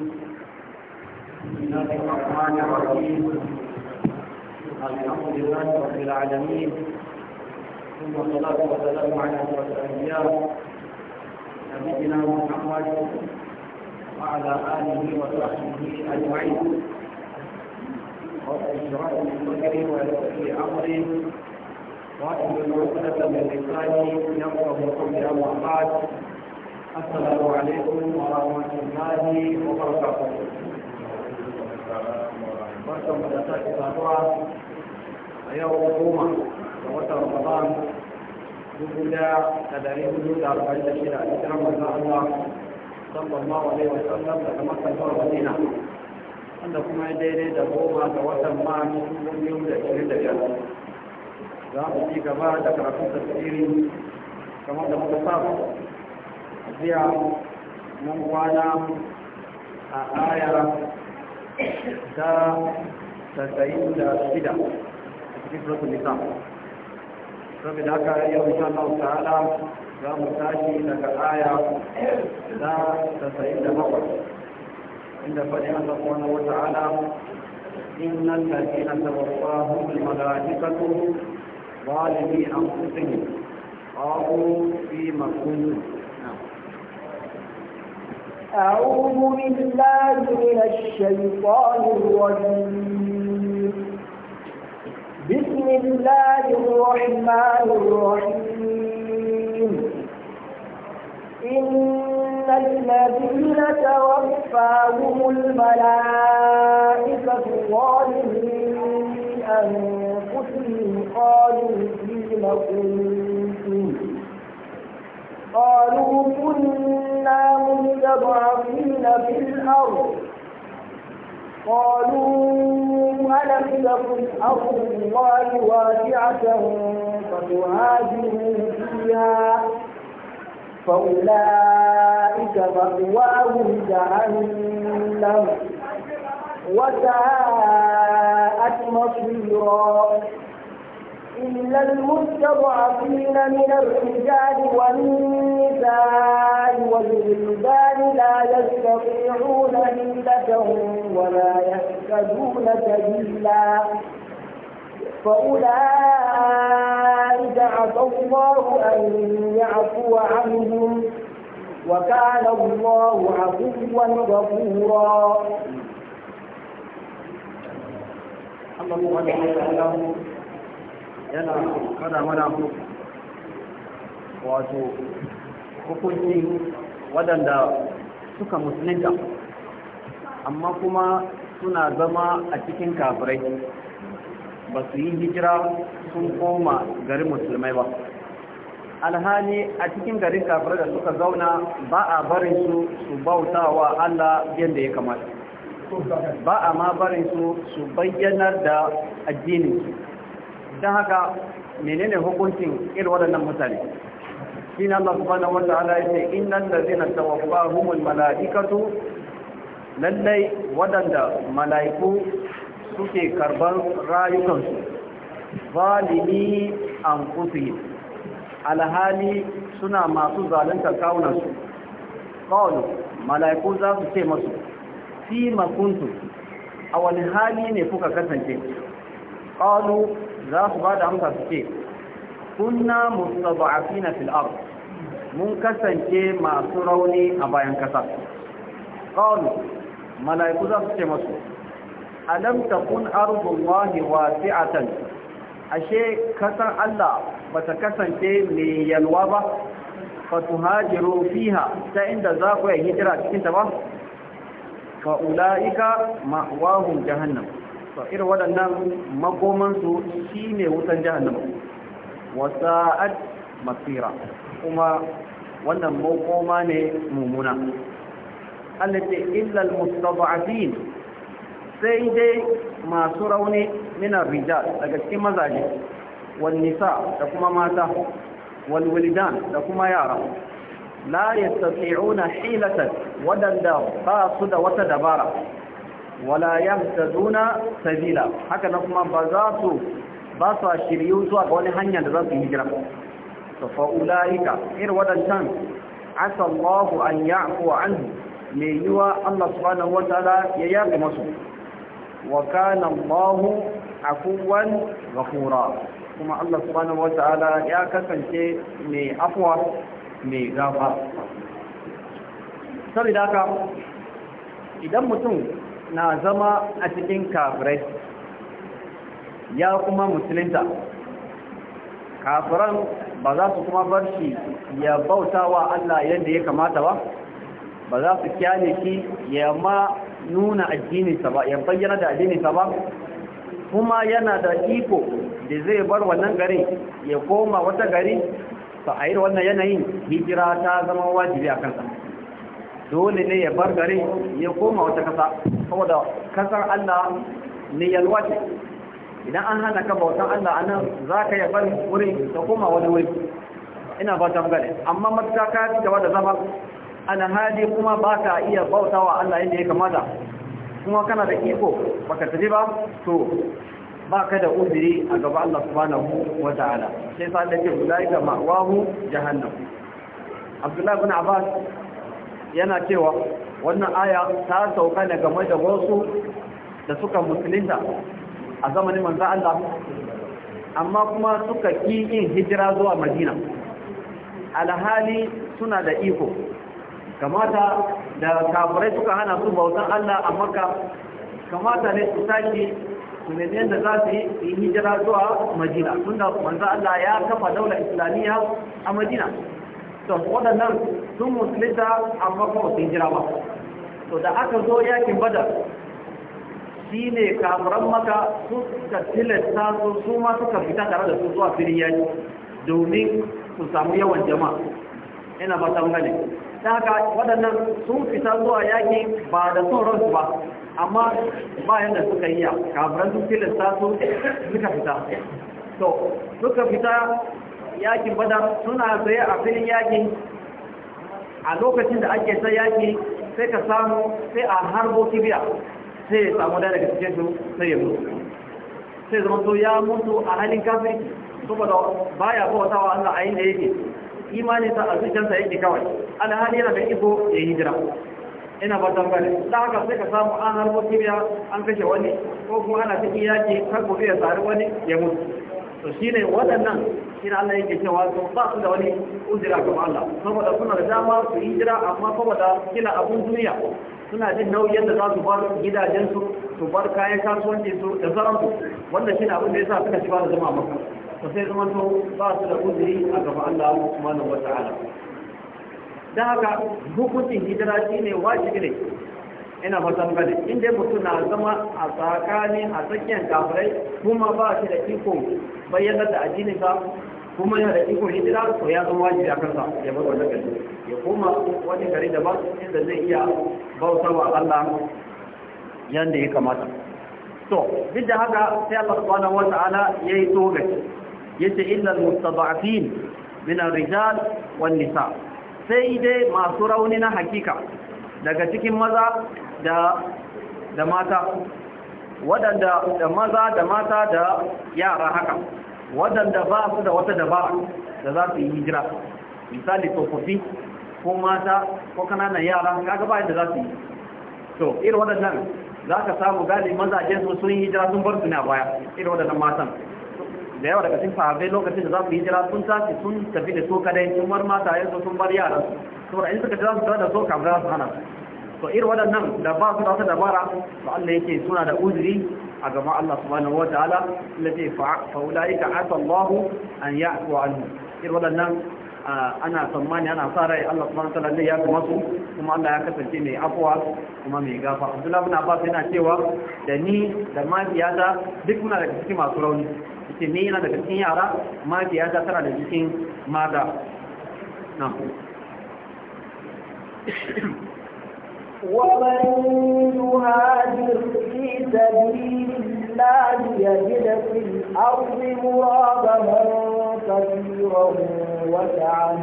الله الرحمن الرحيم الحمد لله رب العالمين ثم الصلاة والسلام على أشرف الأنبياء نبينا محمد وعلى آله وصحبه أجمعين وأشرف بصدري ويسر أمري وأحمد عقدة من لساني يفقه قولي أما بعد السلام عليكم ورحمة الله وبركاته barkan mu da sake saduwa a yau goma ga watan Ramadan dubu da da dari hudu da arba'in da shida da kiran manzo Allah sallallahu alaihi wa sallam daga Makka zuwa Madina wanda kuma ya daidai da goma ga watan Mars dubu za gaba da karatun tafsiri kamar jiya mun kwana a ayar ta tasa'in da shida a cikin rasul nisa saboda haka yau insha za mu tashi daga aya ta tasa'in da bakwai inda faɗin Allah subhanahu wa أعوذ بالله من الشيطان الرجيم بسم الله الرحمن الرحيم إن الذين توفاهم الملائكة ظالمين أنفسهم قالوا فيما قلتم قالوا كنا المستضعفين في الأرض قالوا ألم تكن أرض الله واسعة فتهاجروا فيها فأولئك مأواهم جهنم وساءت مصيرا إلا المستضعفين من الرجال والنساء والنساء والولدان لا يستطيعون حيلتهم ولا يهتدون سبيلا فأولئك عسى الله أن يعفو عنهم وكان الله عفوا غفورا الله سبحانه yana kada mana wato hukuncin waɗanda suka musulunta amma kuma suna zama a cikin kafirai ba su yi hijira sun koma garin musulmai ba alhali a cikin garin kafirai da suka zauna ba a barin su su bauta wa Allah yadda ya kamata ba a ma barin su su bayyanar da addinin don haka menene hukuncin irin waɗannan mutane shine Allah subhanahu wataala yace innal ladzina tawaffahumul malaikatu lallai wadanda malaiku suke karban rayukansu zalimi anfusihim alhali suna masu zalunta kawunansu qalu malaiku za su ce masu fi makuntu a wani hali ne kuka kasance qalu za su ba da amsa su ce kunna na fil ardh mun kasance masu rauni a bayan kasa Ƙaunu, malaiku za su ce masu kun arzun takun wa wasi'atan ashe kasan Allah bata kasance mai yalwa ba fatuhajiru fiha ta inda za ku yi hijira cikin ta ba Ka ulaika ma'wahum jahannan. Ba irin waɗannan makoman shi shine wutan jahannam wasa'at masira kuma wannan makoma ne mummuna Allah illal mustada'afin sai dai masu rauni minar rijal daga cikin mazaje wal nisa da kuma mata wal walidan da kuma yara la yastati'una hilatan wadanda ba su da wata dabara wala yahtaduna sabila haka na kuma ba za su ba su shiryu zuwa ga wani hanya da za su hijira to irin waɗancan asa Allahu an ya'fu anhu mai yiwa Allah subhanahu ya yafe masu wa gafura, Allahu kuma Allah subhanahu ya kasance mai afuwa mai gafa saboda ka, idan mutum na zama a cikin kafirai ya kuma musulunta kafiran ba za su kuma bar shi ya bauta wa Allah yadda ya kamata ba ba za su kyale ki ya ma nuna addininsa ba ya bayyana da addininsa ba kuma yana da iko da zai bar wannan gari ya koma wata gari ta a wannan yanayin hijira ta zama wajibi a kansa dole ne ya bar gari ya koma wata kasa saboda kasar Allah ne yalwace idan an hana ka bautan Allah a nan za ka yi bar wuri ta koma wani wuri ina ba ta gane amma matuka ka ci gaba da zama hadi kuma ba ka iya bautawa Allah inda ya kamata kuma kana da iko baka tafi ba to ba ka da uziri a gaba Allah subhanahu wa ta'ala sai sa da ke guda ga ma'awahu jahannam abdullahi bin Abbas yana cewa wannan aya ta sauka ne game da wasu da suka musulunta a zamanin manzan Allah amma kuma suka ki yin hijira zuwa madina alhali suna da iko kamata da kafirai suka hana su bautan Allah a maka kamata ne su sake su ne da za su yi hijira zuwa madina tunda manzan Allah ya kafa daular islamiyya a madina to waɗannan sun musulita amma kuma su hijira ba to da aka zo yakin badar shi ne kafiran maka su suka tilasta su su ma suka fita tare da su zuwa yaki domin su samu yawan jama'a ina ba ta gane ta haka waɗannan sun fita zuwa yaƙi ba da son ransu ba amma bayan da suka yi ya kafiran sun tilasta su suka fita to suka fita yakin bada suna tsaye a filin yaƙi a lokacin da ake sai yaƙi sai ka samu sai a harbo kibiya sai ya samu daya daga cikin su sai ya mutu sai zama to ya mutu a halin ba saboda baya bautawa Allah a inda yake imanin sa a sa yake kawai hali yana da ibo ya hijira ina ba da haka sai ka samu an harbo kibiya an kashe wani ko kuma ana cikin yaki kar gobe ya tsari wani ya mutu to shi ne waɗannan shi ne Allah yake cewa to ba su da wani ujira ga Allah saboda suna da dama su yi jira amma saboda kila abun duniya suna jin nauyin da za su bar gidajensu su bar kayan kasuwanci su da zaransu wanda shi ne abin da ya sa suka ci ba da zama maka to sai zama to ba su da uzuri a gaba Allah subhanahu wa ta'ala dan haka hukuncin hijira shine wajibi ne ina matan gani in dai mutum na zama a tsakanin a tsakiyar kafirai kuma ba shi da ikon bayyana da addinin ka kuma yana da ikon hijira to ya zama wajibi a kansa ya bar wannan gari ya kuma wani gari da ba inda zai iya wa Allah yanda ya kamata to duk da haka sai Allah subhanahu wata'ala yayi tobe yace illal mustada'afin min ar-rijal wan nisa sai dai masu rauni na hakika daga cikin maza da mata waɗanda da maza da mata da yara haka waɗanda ba su da wata dabara da za su yi hijira misali tsofaffi ko mata ko kananan yara kaga ba yadda za su yi to irin waɗannan za ka samu maza mazajen su sun hijira sun bar su na baya irin waɗannan matan da yawa daga cikin sahabbai lokacin da za su hijira sun tafi sun tafi da su kadai sun bar mata yanzu sun bar yara saboda in suka za su tare da su kamar za su hana su to irin waɗannan da ba su da dabara to Allah yake suna da uzuri a gaban Allah subhanahu wataala lafi fa'ulaika asallahu an ya'fu anhu irin waɗannan ana tsammani ana sa rai Allah subhanahu wataala ne ya kuma kuma Allah ya kasance mai afwa kuma mai gafa Abdullah ibn Abbas yana cewa da ni da ta duk muna daga cikin masu rauni ce ni yana daga cikin yara ta tana da cikin mata na'am ومن يهاجر في سبيل الله يجد في الأرض مراغما كثيرا وسعا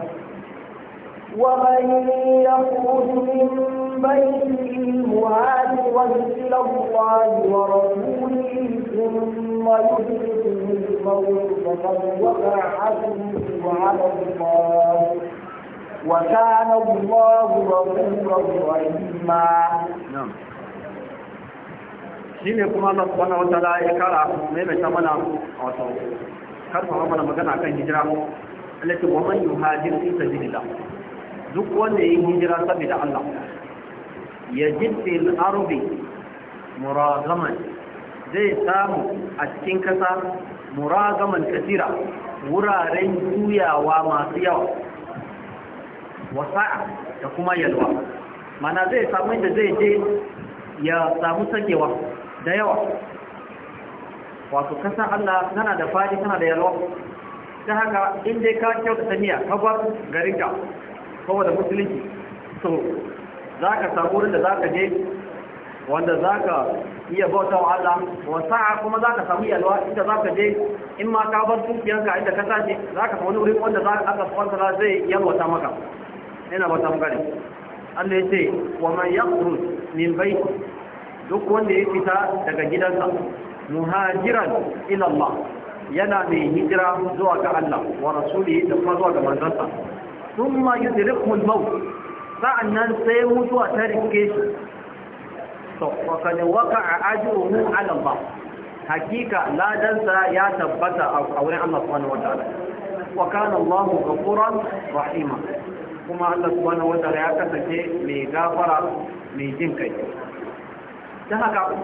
ومن يخرج من بيته مهاجرا إلى الله ورسوله ثم يدركه الموت فقد وقع حسنه على الله وكان الله غفورا رحيما نعم shine kuma Allah subhanahu wataala ya kara maimaita mana a wata karfafa mana magana kan hijira Allah wa man yuhajir fi sabilillah duk wanda yayi hijira saboda Allah yajid fil ardi muragaman zai samu a cikin kasa muragaman kasira wuraren juyawa masu yawa wasa'a da kuma yalwa mana zai samu inda zai je ya samu sakewa da yawa wato kasa Allah tana da fadi tana da yalwa ta haka inda ka kyauta saniya ka bar garin ka da musulunci so za ka samu wurin da za ka je wanda za ka iya bauta wa Allah wasa'a kuma za ka samu yalwa inda za ka je in ma ka bar dukiyarka inda ka tashi za ka samu wurin wanda za ka aka sponsora zai yalwata maka yana ba tambari Allah ya ce wa man yakhruj min baiti duk wanda ya fita daga gidansa muhajiran ila Allah yana mai hijira zuwa ga Allah wa rasulihi da kuma zuwa ga manzansa thumma yudrikhu al-maut sa'annan sai mutuwa ta rike shi to wa kad waqa'a ajruhu ala Allah hakika ladansa ya tabbata a wurin Allah subhanahu wa ta'ala wa kana Allahu ghafuran rahima kuma Allah subhanahu wataala ya kasance mai gafara mai jin kai dan haka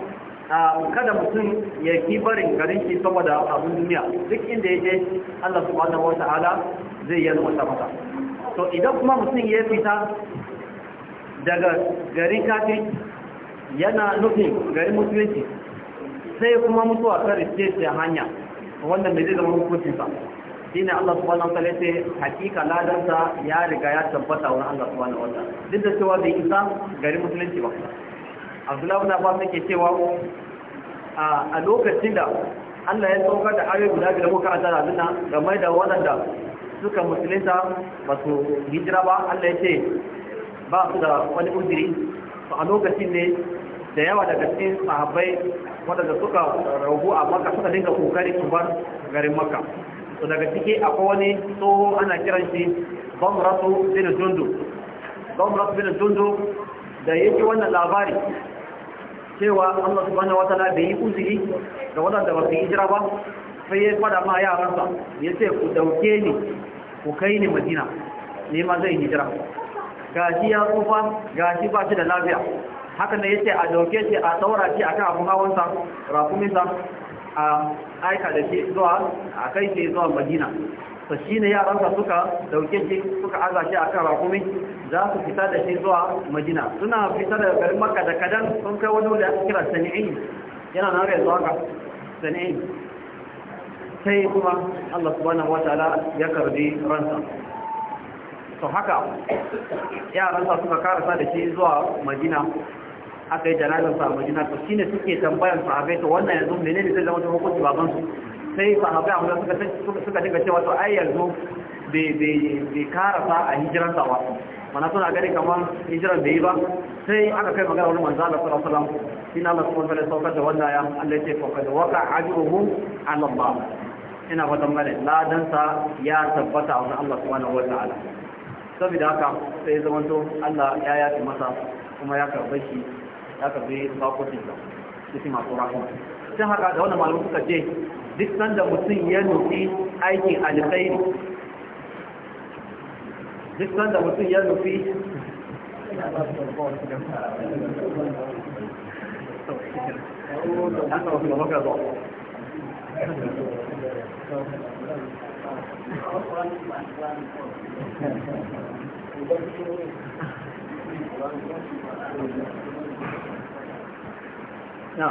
kada mutum ya ki barin garin shi saboda abin duniya duk inda ya je Allah subhanahu wataala zai yi wata mata to idan kuma mutum ya fita daga garin kafin yana nufin garin musulunci sai kuma mutuwa ta riske hanya wannan da zai zama hukuncinsa shine Allah subhanahu wa ta'ala yace hakika ladansa ya riga ya tabbata wa Allah subhanahu wa ta'ala duk da cewa bai isa gari musulunci ba Abdullahi ibn Abbas yake cewa a lokacin da Allah ya tsoka da ayoyi guda biyu da muka karanta da dinna game da waɗanda suka musulunta ba su hijira ba Allah ya ce ba su da wani uzuri to a lokacin ne da yawa daga cikin sahabbai waɗanda suka ragu a Makka suka dinga kokari su bar garin Makka to daga ciki akwai wani tsoho ana kiran shi bamratu bin jundu bamratu bin jundu da yake wannan labari cewa Allah subhanahu ta'ala bai yi uzuri ga wadanda ba su hijira ba sai ya fada ma yaransa ya ce ku dauke ni ku kai ni madina ne ma zai hijira gashi ya tsufa gashi ba shi da lafiya Haka ne ya ce a dauke shi a saura shi akan abun hawansa rakuminsa a aika da shi zuwa a kai shi zuwa madina to shi ne yaransa suka dauke shi suka aza shi a kan rakumi za su fita da shi zuwa madina suna fita daga garin maka da kadan sun kai wani wuri a kira sani'in yana na rai zuwa ka sani'in sai kuma allah subhanahu wa ta'ala ya karbi ransa to haka yaransa suka karasa da shi zuwa madina aka yi jana'izar sa Madina to shine suke tambayan sahabbai to wannan yanzu menene zai zama hukunci baban su sai sahabbai amma suka suka dinga cewa to ai yanzu bai karasa a hijiran sa ba mana suna gani kamar hijiran da yi ba sai aka kai magana wani manzo Allah sallallahu alaihi wasallam na Allah subhanahu wa ta'ala saukar da wannan ya Allah ya ce fa a waqa ajruhu ala Allah ina fatan gane ladan sa ya tabbata wa Allah subhanahu wa ta'ala saboda haka sai zamanto Allah ya yafi masa kuma ya karbe shi ya karbi sakotin da su masu rahama sun haka da wani malamu suka ce duk sanda mutum ya nufi aikin alkhairi duk sanda mutum ya nufi Thank you. na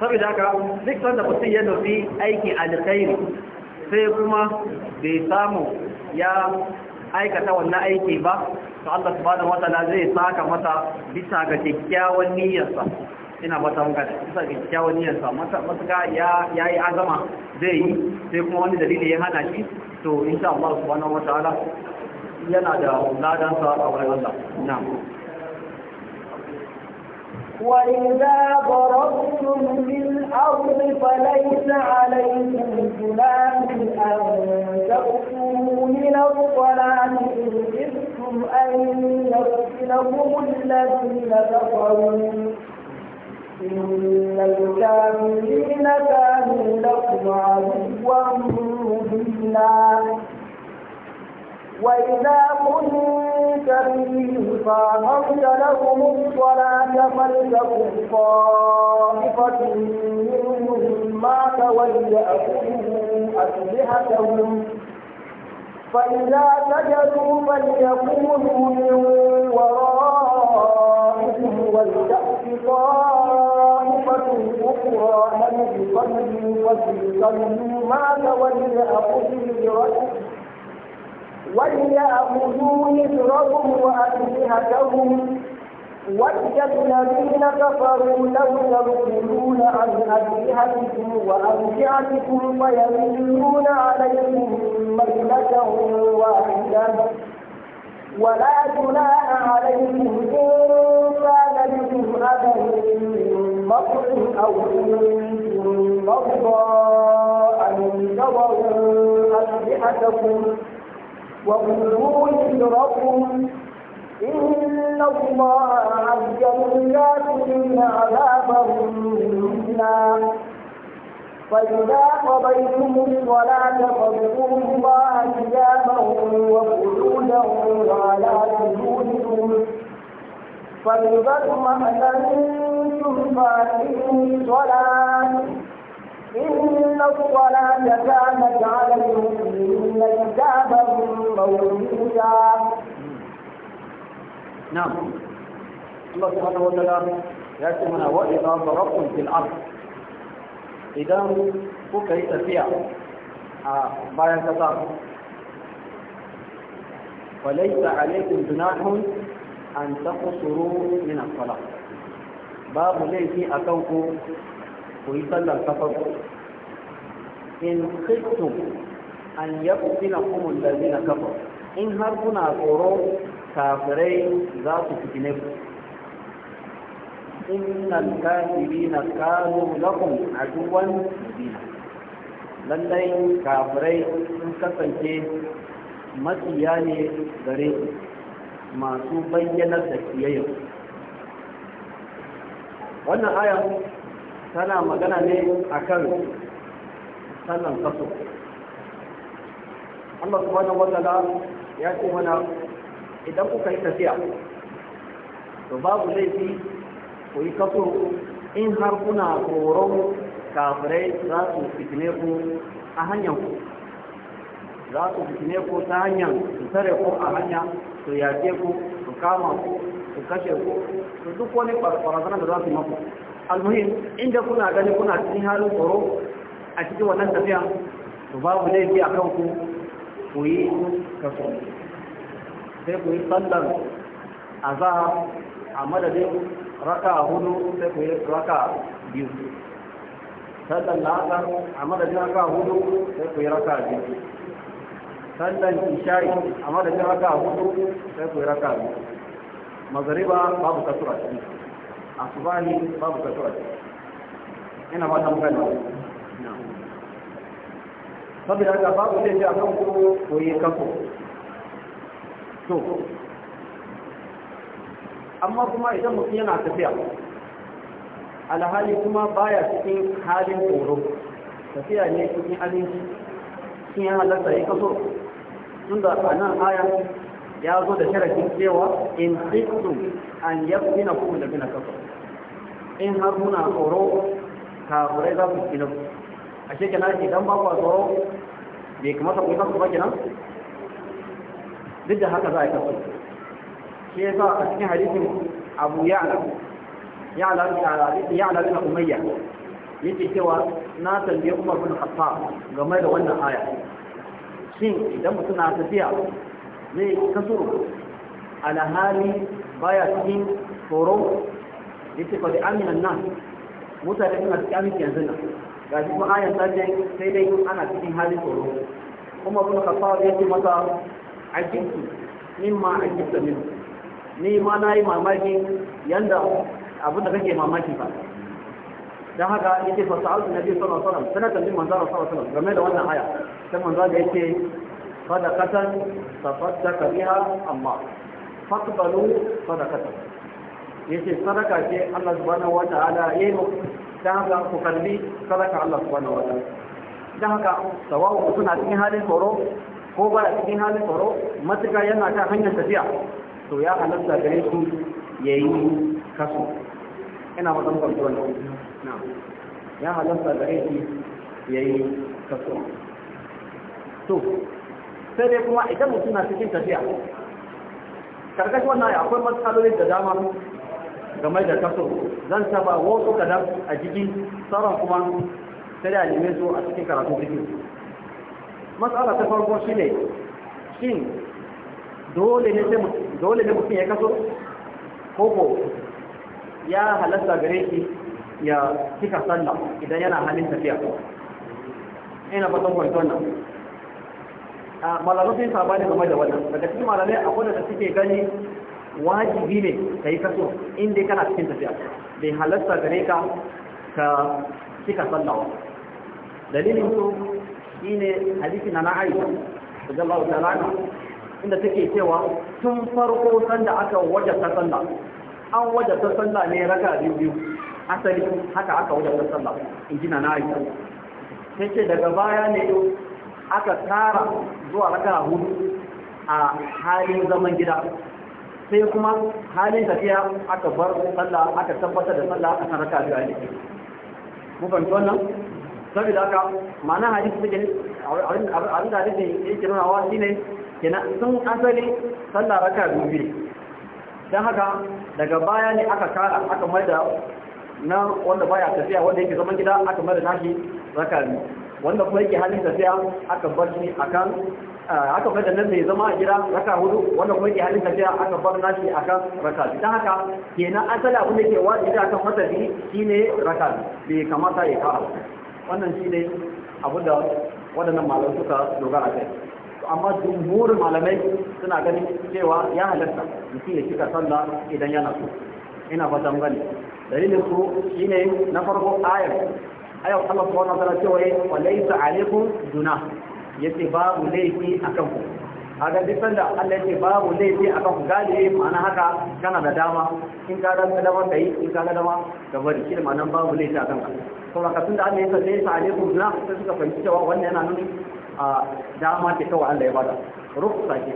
saboda haka duk wanda mutum ya nufi aikin alkhairi sai kuma bai samu ya aikata wannan aiki ba to Allah subhanahu wataala zai saka mata bisa ga kyakkyawan niyyarsa ina mata muka da kusa ga kyakkyawan niyyarsa matuka ya yi azama zai yi sai kuma wani dalili ya hana shi to insha Allah subhanahu wataala yana da ladansa a wurin Allah na'am وإذا ضربتم في الأرض فليس عليكم جناح أن تأتوا من الصلاة إن خفتم أن يفتنكم الذين كفروا إن الكافرين كانوا لكم عدوا مبينا وإذا كنتم به فأمرت لهم الصلاة فلتكن طائفة منهم معك وليأخذوا أسلحتهم فإذا سجدوا فليكونوا من ورائهم ولتأت طائفة أخرى لم تصلوا فليصلوا معك وليأخذوا برأسهم وليأخذوا إثرهم وأسلحتهم ود الذين كفروا لو تغفلون عن أسلحتكم وأمتعتكم ويميلون عليكم ميلة واحدة ولا جناح عليكم إن كان بكم أذى من مطر أو كنتم مرضى أن تضعوا أسلحتكم وقلوب ربهم إن الله عز الكافرين عذابا منا فإذا قضيتم الصلاة فاذكروا الله قياما وقعودا وعلى جنودكم فإذا اطمأننتم فأقيموا الصلاة إن الصلاة كانت على المؤمنين كتابا موجودا نعم الله سبحانه وتعالى يأتمنا وإذا ضربتم في الأرض إذا كوكا يتفيع بايا كتاب وليس عليكم جناح أن تقصروا من الصلاة باب ليس أكوكم ku yi sallar ta farko in khiftu an yaftina kumul na kafa. in har kuna tsoro kafirai za su fitine ku innal kafirina kanu lakum aduwan na. lallai kafirai sun kasance matsiya ne gare masu bayyanar da kiyayyar wannan aya tana magana ne a kan sannan kaso Allah subhanahu wa ta'ala ya ce mana idan kuka yi tafiya to babu laifi ku yi kaso in har kuna tsoron kafirai za su fitine ku a hanyar ku za su fitine ku ta hanyar su tare ku a hanya su yaƙe ku su kama ku su kashe ku su duk wani barazana da za su yi maku almuhim inda kuna gani kuna cikin halin tsoro a cikin wannan tafiya to babu laifi a kanku ku ku yi kaso sai ku yi sallar azahar a madadin raka hudu sai ku yi raka biyu sallar la'asar a madadin raka hudu sai ku yi raka biyu sallar isha'i a madadin raka hudu sai ku yi raka biyu magariba babu kasura ciki asubahi babu kasuwa ina ba tan gani saboda haka babu zai ce kan ku ko yi kanku to amma kuma idan mutum yana tafiya alhali kuma baya cikin halin tsoro tafiya ne cikin abinci cikin halarta ya kaso tun da a nan aya ya zo da sharafin cewa in khiftum an yaftina da alladhina kafaru in har muna tsoro kafirai za su tsina ashe kenan idan ba ku tsoro bai kamata ku yi kasu ba duk da haka za a yi kasu shi ya sa a cikin hadisin abu ya'la ya'la ya'la bin umayya yake cewa na tambaye umar bin khattab game da wannan aya shin idan mutum na tafiya zai kasuru alhali baya cikin tsoro ya ce kwadi aminan nan mutane suna cikin aminci yanzu nan ga shi kuma ayan sajen sai dai ana cikin hali tsoro kuma abin kafawa ya ce masa ajinki min ma min ni ma na yi mamaki yanda abin kake mamaki ba don haka ya ce alfi na biyu sanar sanar sanar sanatan manzara sanar sanar game da wannan haya. sai manzara ya ce صدقة تصدق بها الله فاقبلوا صدقته yace sadaka ce الله سبحانه وتعالى ya yi dan haka ku kalbi sadaka Allah subhanahu wata'ala dan haka sawawa suna cikin ko ba cikin halin tsoro matuka yana ta hanyar tafiya to ya halatta gare su ya yi kasu ina matan kwanci na ya halatta gare su ya yi kasu to sai dai kuma idan mutum na cikin tafiya karkashin wannan akwai matsaloli da dama game da kaso zan taba wasu kadan a jikin sauran kuma sai a neme su a cikin karatu jikin matsala ta farko shi ne shin dole ne mutum ya kaso koko ya halatta gare shi ya cika sallah idan yana halin tafiya ina fatan kwanton nan malamai sun ne game da wannan daga cikin malamai akwai da suke gani wajibi ne ka yi kaso inda kana cikin tafiya bai halatta gare ka ka cika sallawa dalilin su shi ne hadisi na na'aisha da jallawa da rana inda take cewa tun farko sanda aka wajata sallah an wajata sallah ne raka biyu biyu asali haka aka wajata sallah in ji na na'aisha sai ce daga baya ne aka tsara zuwa raka hudu a halin zaman gida sai kuma halin tafiya aka bar sallah aka tabbatar da sallah aka raka biyu a jiki mu fahimci wannan saboda haka ma'ana hadisi take abin da hadisi yake nuna ne shine na sun asali sallah raka biyu ne don haka daga baya ne aka kara aka mai da na wanda baya tafiya wanda yake zaman gida aka mai da nashi raka biyu wanda kuma yake halin tafiya aka bar shi akan aka bar da nan sai zama a gida raka hudu wanda kuma yake halin tafiya aka bar nashi akan raka ta haka kenan asali abin da ke ita akan matafi shine raka biyu bai kamata ya kawo wannan shine abin da waɗannan malamai suka dogara kai amma jumhurin malamai suna ganin cewa ya halatta mutum ya cika sallah idan yana so ina fatan gani dalilin su shine na farko ayar ai Allah subhanahu wa ta'ala cewa wa laysa alaikum dunah yace babu laifi akan ku kaga duk sanda Allah yace babu laifi akan ku galibi ma'ana haka kana da dama in ka ga dama kai in ka ga dama ka bari shi ma'anan babu laifi akan ka To saboda tun da Allah ya sace sa alaikum dunah sai suka fahimci cewa wannan yana nuni a dama ce kawai Allah ya bada ruksa ce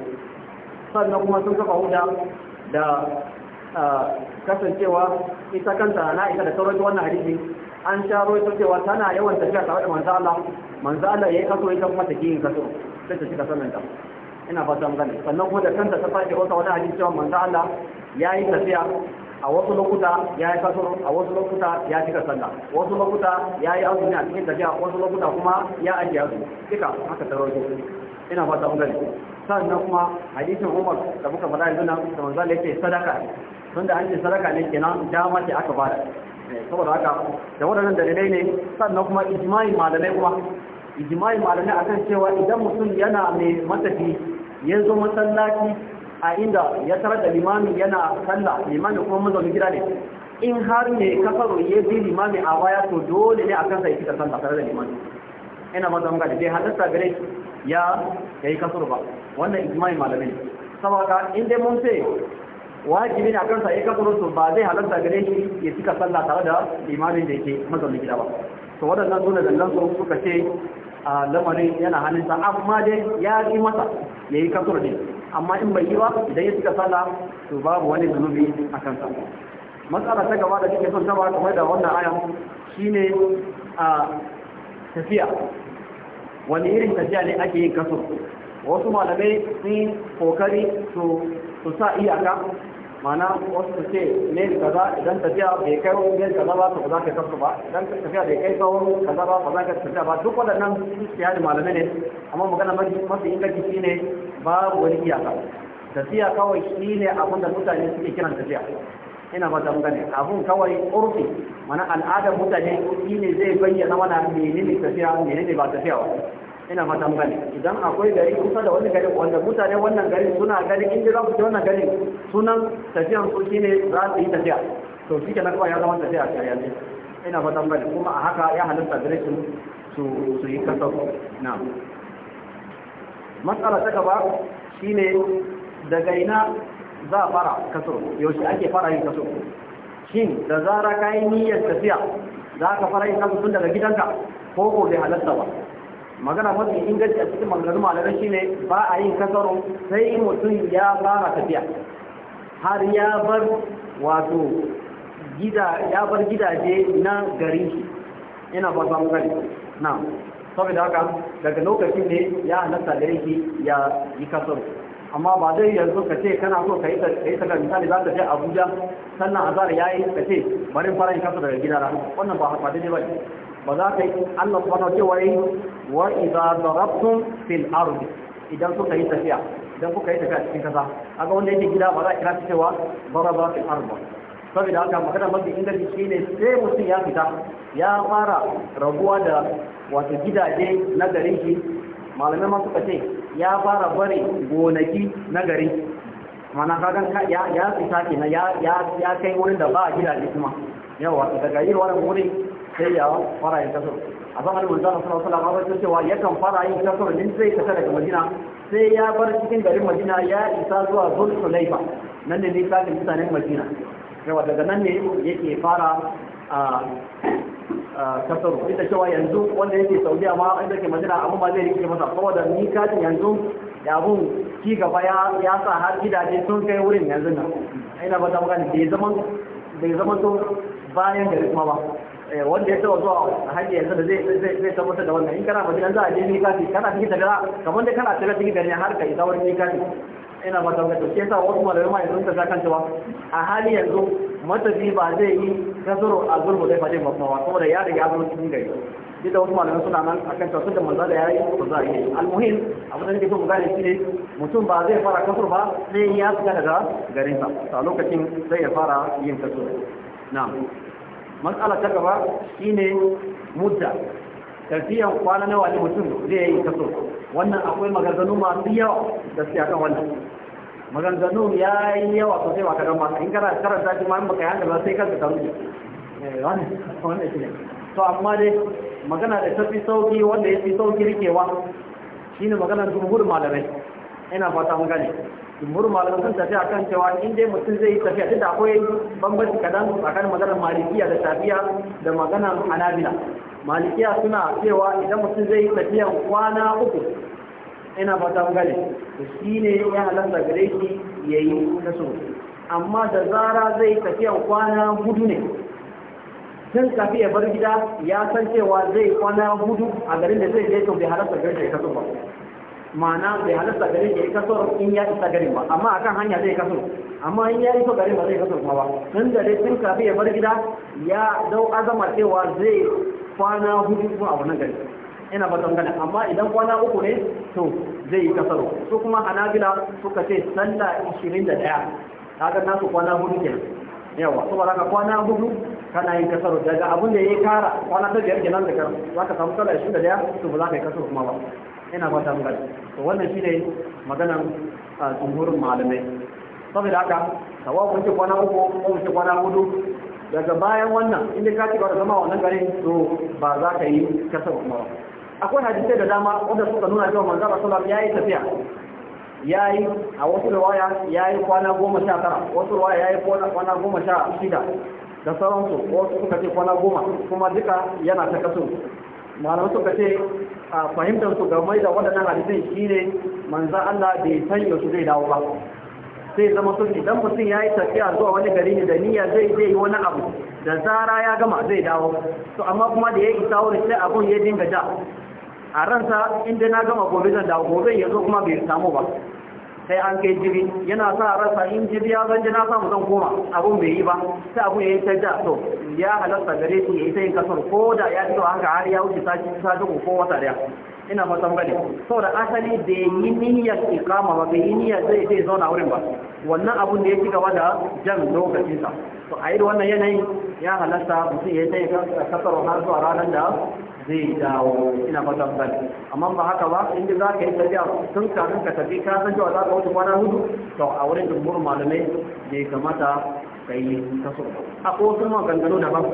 sannan kuma sun kafa huda da ah, kasancewa ita kanta na ita da sauran wannan hadisi an taro ita cewa tana yawan tafiya tare da manzo Allah manzo Allah yayi kaso ita kuma take yin kaso sai ta shiga sanan ta ina ba ta magana sannan kuma da kanta ta sake wata wani hadisi cewa manzo Allah yayi tafiya a wasu lokuta ya yi kasoro, a wasu lokuta ya cika sallah wasu lokuta ya yi azumi a cikin tafiya wasu lokuta kuma ya ajiye azumi duka haka tarauto ina ba ta gane sannan kuma hadisin Umar da muka faɗa yanzu nan da manzo Allah yake sadaka tunda an ce sadaka ne kenan dama ce aka bada saboda haka da waɗannan dalilai ne sannan kuma ijma'i malamai kuma ijma'i malamai akan cewa idan mutum yana mai matafi ya zo masallaci a inda ya tarar da limami yana sallah limami kuma mazaunin gida ne in har ne kafaro ya bi limami a baya to dole ne a kansa ya fita sallah tare da limami ina maza muka da bai halatta gare ya yayi kasar ba wannan ijma'i malamai saboda in dai mun ce wajibi ne a kansa ya kasaro to ba zai halarta gare shi ya cika sallah tare da limamin da yake mazaunin gida ba to waɗannan sune dangan su suka ce a lamarin yana hannunsa amma dai ya yi masa ya yi kasaro ne amma in bai yi ba idan ya cika sallah to babu wani zunubi a kansa matsala ta gaba da cikin son gaba kamar da wannan aya shine a tafiya wani irin tafiya ne ake yin kaso wasu malamai sun kokari su sa iyaka mana wasu su ce ne kaza idan tafiya bai kai wani ne kaza ba ba za ka kasu ba idan tafiya bai kai tsawon kaza ba ba za ka tafiya ba duk waɗannan yaji malamai ne amma magana mafi inganci shine ba wani iyaka tafiya kawai shine abin da mutane suke kiran tafiya ina ba zan gane abun kawai urfi mana al'adar mutane shine zai bayyana mana menene tafiya menene ba tafiya ba ina fatan bane idan akwai gari kusa da wani gari wanda mutane wannan gari suna gari inda za su je wannan gari sunan tafiyan su shine za su yi tafiya to shi kenan kawai ya zama tafiya a shari'ance ina fatan bane kuma a haka ya halitta gare su su yi kasar na matsala ta gaba shine daga ina za a fara kasuru yaushe ake fara yin kaso? shin da zara ka yi niyyar tafiya za ka fara yin kasuru tun daga gidanka ko ko bai halatta ba magana mafi inganci a cikin maganganun malamai ne ba a yin kasaro sai mutum ya fara tafiya har ya bar wato gida ya bar gidaje na gari ina ba samu gari na saboda haka daga lokacin ne ya halatta gare shi ya yi kasaro amma ba zai yanzu ka ce kana so ka yi saka misali za ka je abuja sannan azar ya yi ka ce bari fara yi kasaro daga gidana wannan ba daidai ba ne ba za ka yi Allah subhanahu cewa yi wa idza darabtum fil ardi idan kuka yi tafiya idan kuka yi tafiya cikin kasa aga wanda yake gida ba za ka kira cewa daraba fil ardi saboda haka magana mafi shi ne sai mutum ya fita ya fara rabuwa da wato gidaje na garin shi malamai ma suka ce ya fara bari gonaki na gari mana kagan ya fita kenan ya kai wurin da ba gidaje kuma yawa daga yi wannan wurin shayyawa fara yin kasar a zamanin manzana sallallahu alaihi wasallam rawaito cewa ya kan fara yin kasar din sai ka daga Madina sai ya bar cikin garin Madina ya isa zuwa Zul Sulaifa nan ne ne sakin mutanen Madina yawa daga nan ne yake fara a kasaru ita cewa yanzu wanda yake saudiya ma wanda yake madina abu ba zai rike masa saboda ni katin yanzu ya abun ci gaba ya sa har gidaje sun kai wurin yanzu nan ina ba ta magana bai zaman bai zaman to bayan gari kuma ba Eh, wanda ya taba zuwa hajji yanzu da zai zai zai tabbatar da wannan in kana madina za a je mikati kana cikin tafiya kamar da kana tafiya cikin gari har ka isa wurin mikati ina ba tabbata to sai sa wasu malamai ma yanzu ta kan cewa a hali yanzu matafi ba zai yi kasoro a zurbo zai fadi ba kuma saboda ya riga zo cikin gari duk da wasu malamai suna nan a kan cewa da manza da yayi ko za a yi almuhim abin da nake so mu gane ne mutum ba zai fara kasoro ba sai ya fita daga garinsa a lokacin sai ya fara yin kasaro na'am matsala ta gaba ne mudda tafiyan kwana nawa ne mutum zai yi kaso wannan akwai maganganu masu yawa da su akan wannan maganganu ya yi yawa sosai ba kadan masu in kana karanta shi ma in yi ba sai kan ka rufe eh, wannan to amma dai magana da tafi sauki wanda ya fi sauki rikewa shine maganar jumhur malamai ina fata mun gane jumhur malamai sun tafi akan cewa in dai mutum zai yi tafiya duk da akwai bambanci kadan tsakanin maganar malikiya da tafiya da maganar hanabila malikiya suna cewa idan mutum zai yi tafiya kwana uku ina ba ta gane shi ne ya halatta gare shi ya yi na so amma da zara zai yi tafiya kwana hudu ne tun kafi ya bar gida ya san cewa zai kwana hudu a garin da zai je to bai halatta gare shi ya so ba ma'ana bai halitta garin da ya kaso in ya isa garin ba amma akan hanya zai kaso amma in ya iso garin ba zai kaso ba tun da dai tun kafi ya bar gida ya dau azama cewa zai kwana hudu kuma a wannan gari ina ba gane amma idan kwana uku ne to zai yi kasaro su kuma hanabila suka ce sallah 21 kaga nasu kwana hudu kenan yawa saboda ka kwana hudu kana yin kasaro daga abin da ya kara kwana ta biyar kenan da kar ka samu sallah 21 to ba za ka yi kasaro kuma ba ina fata mun gani to wannan shine maganan jumhurin malamai saboda haka tawafin ce kwana uku ko ce kwana hudu daga bayan wannan inda ka ci gaba zama wannan garin to ba za ka yi kasa kuma ba akwai hadisai da dama wanda suka nuna cewa manzo Allah sallallahu alaihi wasallam yayi tafiya yayi a wasu riwaya yayi kwana 19 wasu riwaya yayi kwana 16 da sauransu wasu suka ce kwana 10 kuma duka yana ta kaso malamai suka ce a fahimtar su game da waɗannan hadisin ne, manzan Allah bai san su zai dawo ba sai zama sun idan mutum ya yi tafiya zuwa wani gari ne da niyya zai zai yi wani abu da zara ya gama zai dawo to amma kuma da ya isa wurin sai abun ya dinga ja a ransa inda na gama gobe zan dawo gobe yanzu kuma bai samu ba sai an kai jiri yana sa rasa in jibi ya zanje na samu zan koma abun bai yi ba sai abun ya yi ta ja to ya halatta gare su ya yi ta yin kasar ko da ya fito haka har ya wuce ta duku ko wata daya ina fatan gane saboda asali da yi niyyar ikama ba bai yi niyyar zai zai zauna wurin ba wannan abun da ya ci gaba da jan lokacinsa to a yi wannan yanayin ya halatta mutum ya yi ta yin kasar har zuwa ranar da zai dawo ina fata sani amma ba haka ba inda za ka yi tafiya tun kafin ka tafi ka san cewa za ka wuce kwana hudu to a wurin jumhurin malamai bai kamata ka yi kaso a ko sun maganganu daban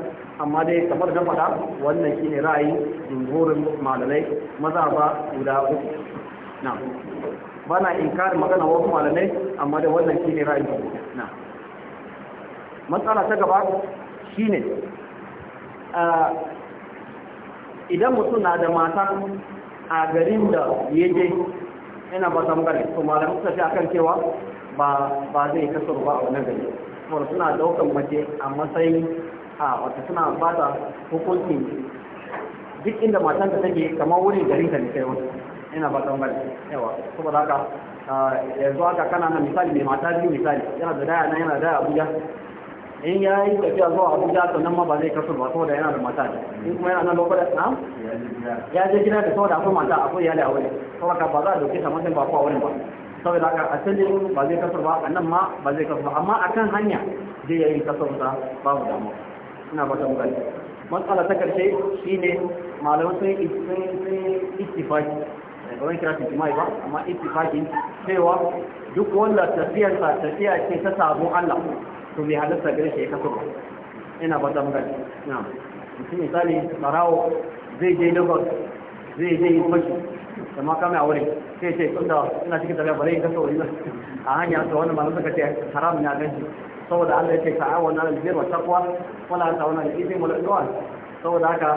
amma dai kamar na faɗa wannan shine ra'ayi jumhurin malamai maza ba guda uku na bana kare magana wasu malamai amma dai wannan shine ra'ayi na matsala ta gaba shine ah, idan mutum na da mata a garin da ya je yana ba ta magana to malamu suka ce akan cewa ba zai kasar ba a wannan gari saboda suna daukan mace a matsayin a wata suna ba ta hukuncin duk inda matan ta take kamar wuri garin ka ne kai yana ba ta magana yawa saboda haka yanzu haka kana na misali mai mata biyu misali yana da daya na yana da daya abuja in ya yi tafiya zuwa abuja to nan ma ba zai kasu ba saboda yana da mata in kuma yana nan lokacin na ya je gida da saboda akwai mata akwai iyali a wurin saboda ba za a dauke ta mutum ba ko a wani ba saboda haka asalin ba zai kasu ba a nan ma ba zai kasu ba amma kan hanya zai yayi kasu ba babu damuwa ina ba ta mutane matsala ta karshe shine malaman sun ba zan kira ijma'i ba amma cewa duk wanda tafiyarsa tafiya ce ta sabon Allah to bai halatta gare shi ya kaso ba ina ba zan gani na mutum misali barawo zai je lagos zai je yi fashi da ma kame a sai ce tunda ina cikin tafiya bare ka sauri na a hanya to wannan malam suka ce haram ne a ganshi saboda Allah ya ce ta'awun ala albir wa taqwa wala ta'awun ala ithmi wal udwan saboda haka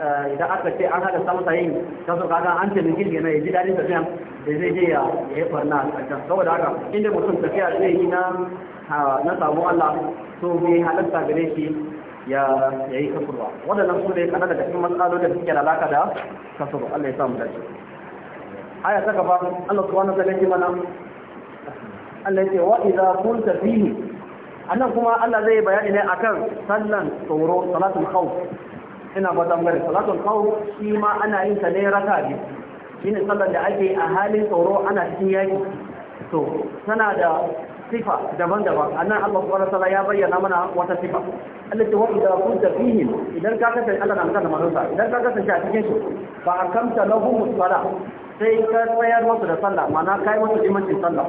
eh, idan aka ce an haɗa tayin yin kasu kaga an ce mingil yana ya ji daɗin tafiya da zai je ya yi farna a can saboda haka inda mutum tafiya zai yi na na samu Allah to bai halatta gare shi ya yi kafurwa waɗannan su ne kana daga cikin matsalolin da suke da alaka da kafurwa Allah ya samu dace aya ta gaba Allah subhanahu wa ta'ala mana Allah ya ce wa idza kunta fihi annan kuma Allah zai bayani ne akan sallan tsoro salatul khawf ina ba tambayar salatul khawf shi ma ana yin ta ne raka biyu shine sallan da ake a halin tsoro ana cikin yaki to tana da sifa daban-daban annan Allah subhanahu ta'ala ya bayyana mana wata sifa allati wa idza kunta fihim idan ka kasance Allah na magana manzonsa idan ka kasance a cikin su fa akamta lahum musalla sai ka tsayar musu da sallah mana kai musu limancin sallah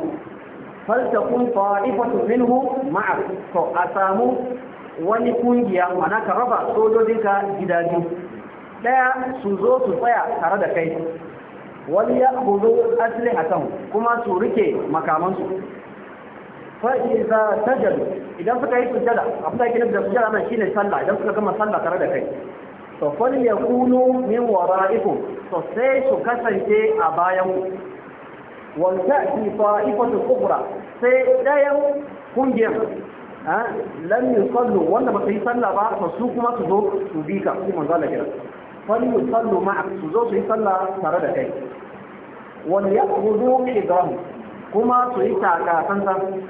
fal takun fa'ifatu minhu ma'a to a wani kungiya mana ka raba sojojinka gidaje daya su zo su tsaya tare da kai wani ya kuzo asli kuma su rike makamansu fa'iza ta sajadu idan suka yi sujjada abin da ake nufi da sujjada nan ne sallah idan suka gama sallah tare da kai to fal yakunu min wara'ikum to sai su kasance a bayan wal ta'ti fa'ifatu ukhra sai ɗayan kungiyar lam yusallu wanda ba su yi sallah ba to su kuma su zo su bi ka su manzo Allah kira fal yusallu ma su zo su yi sallah tare da kai Wani ya wal yakhudhu qidrahum kuma su yi taka sansan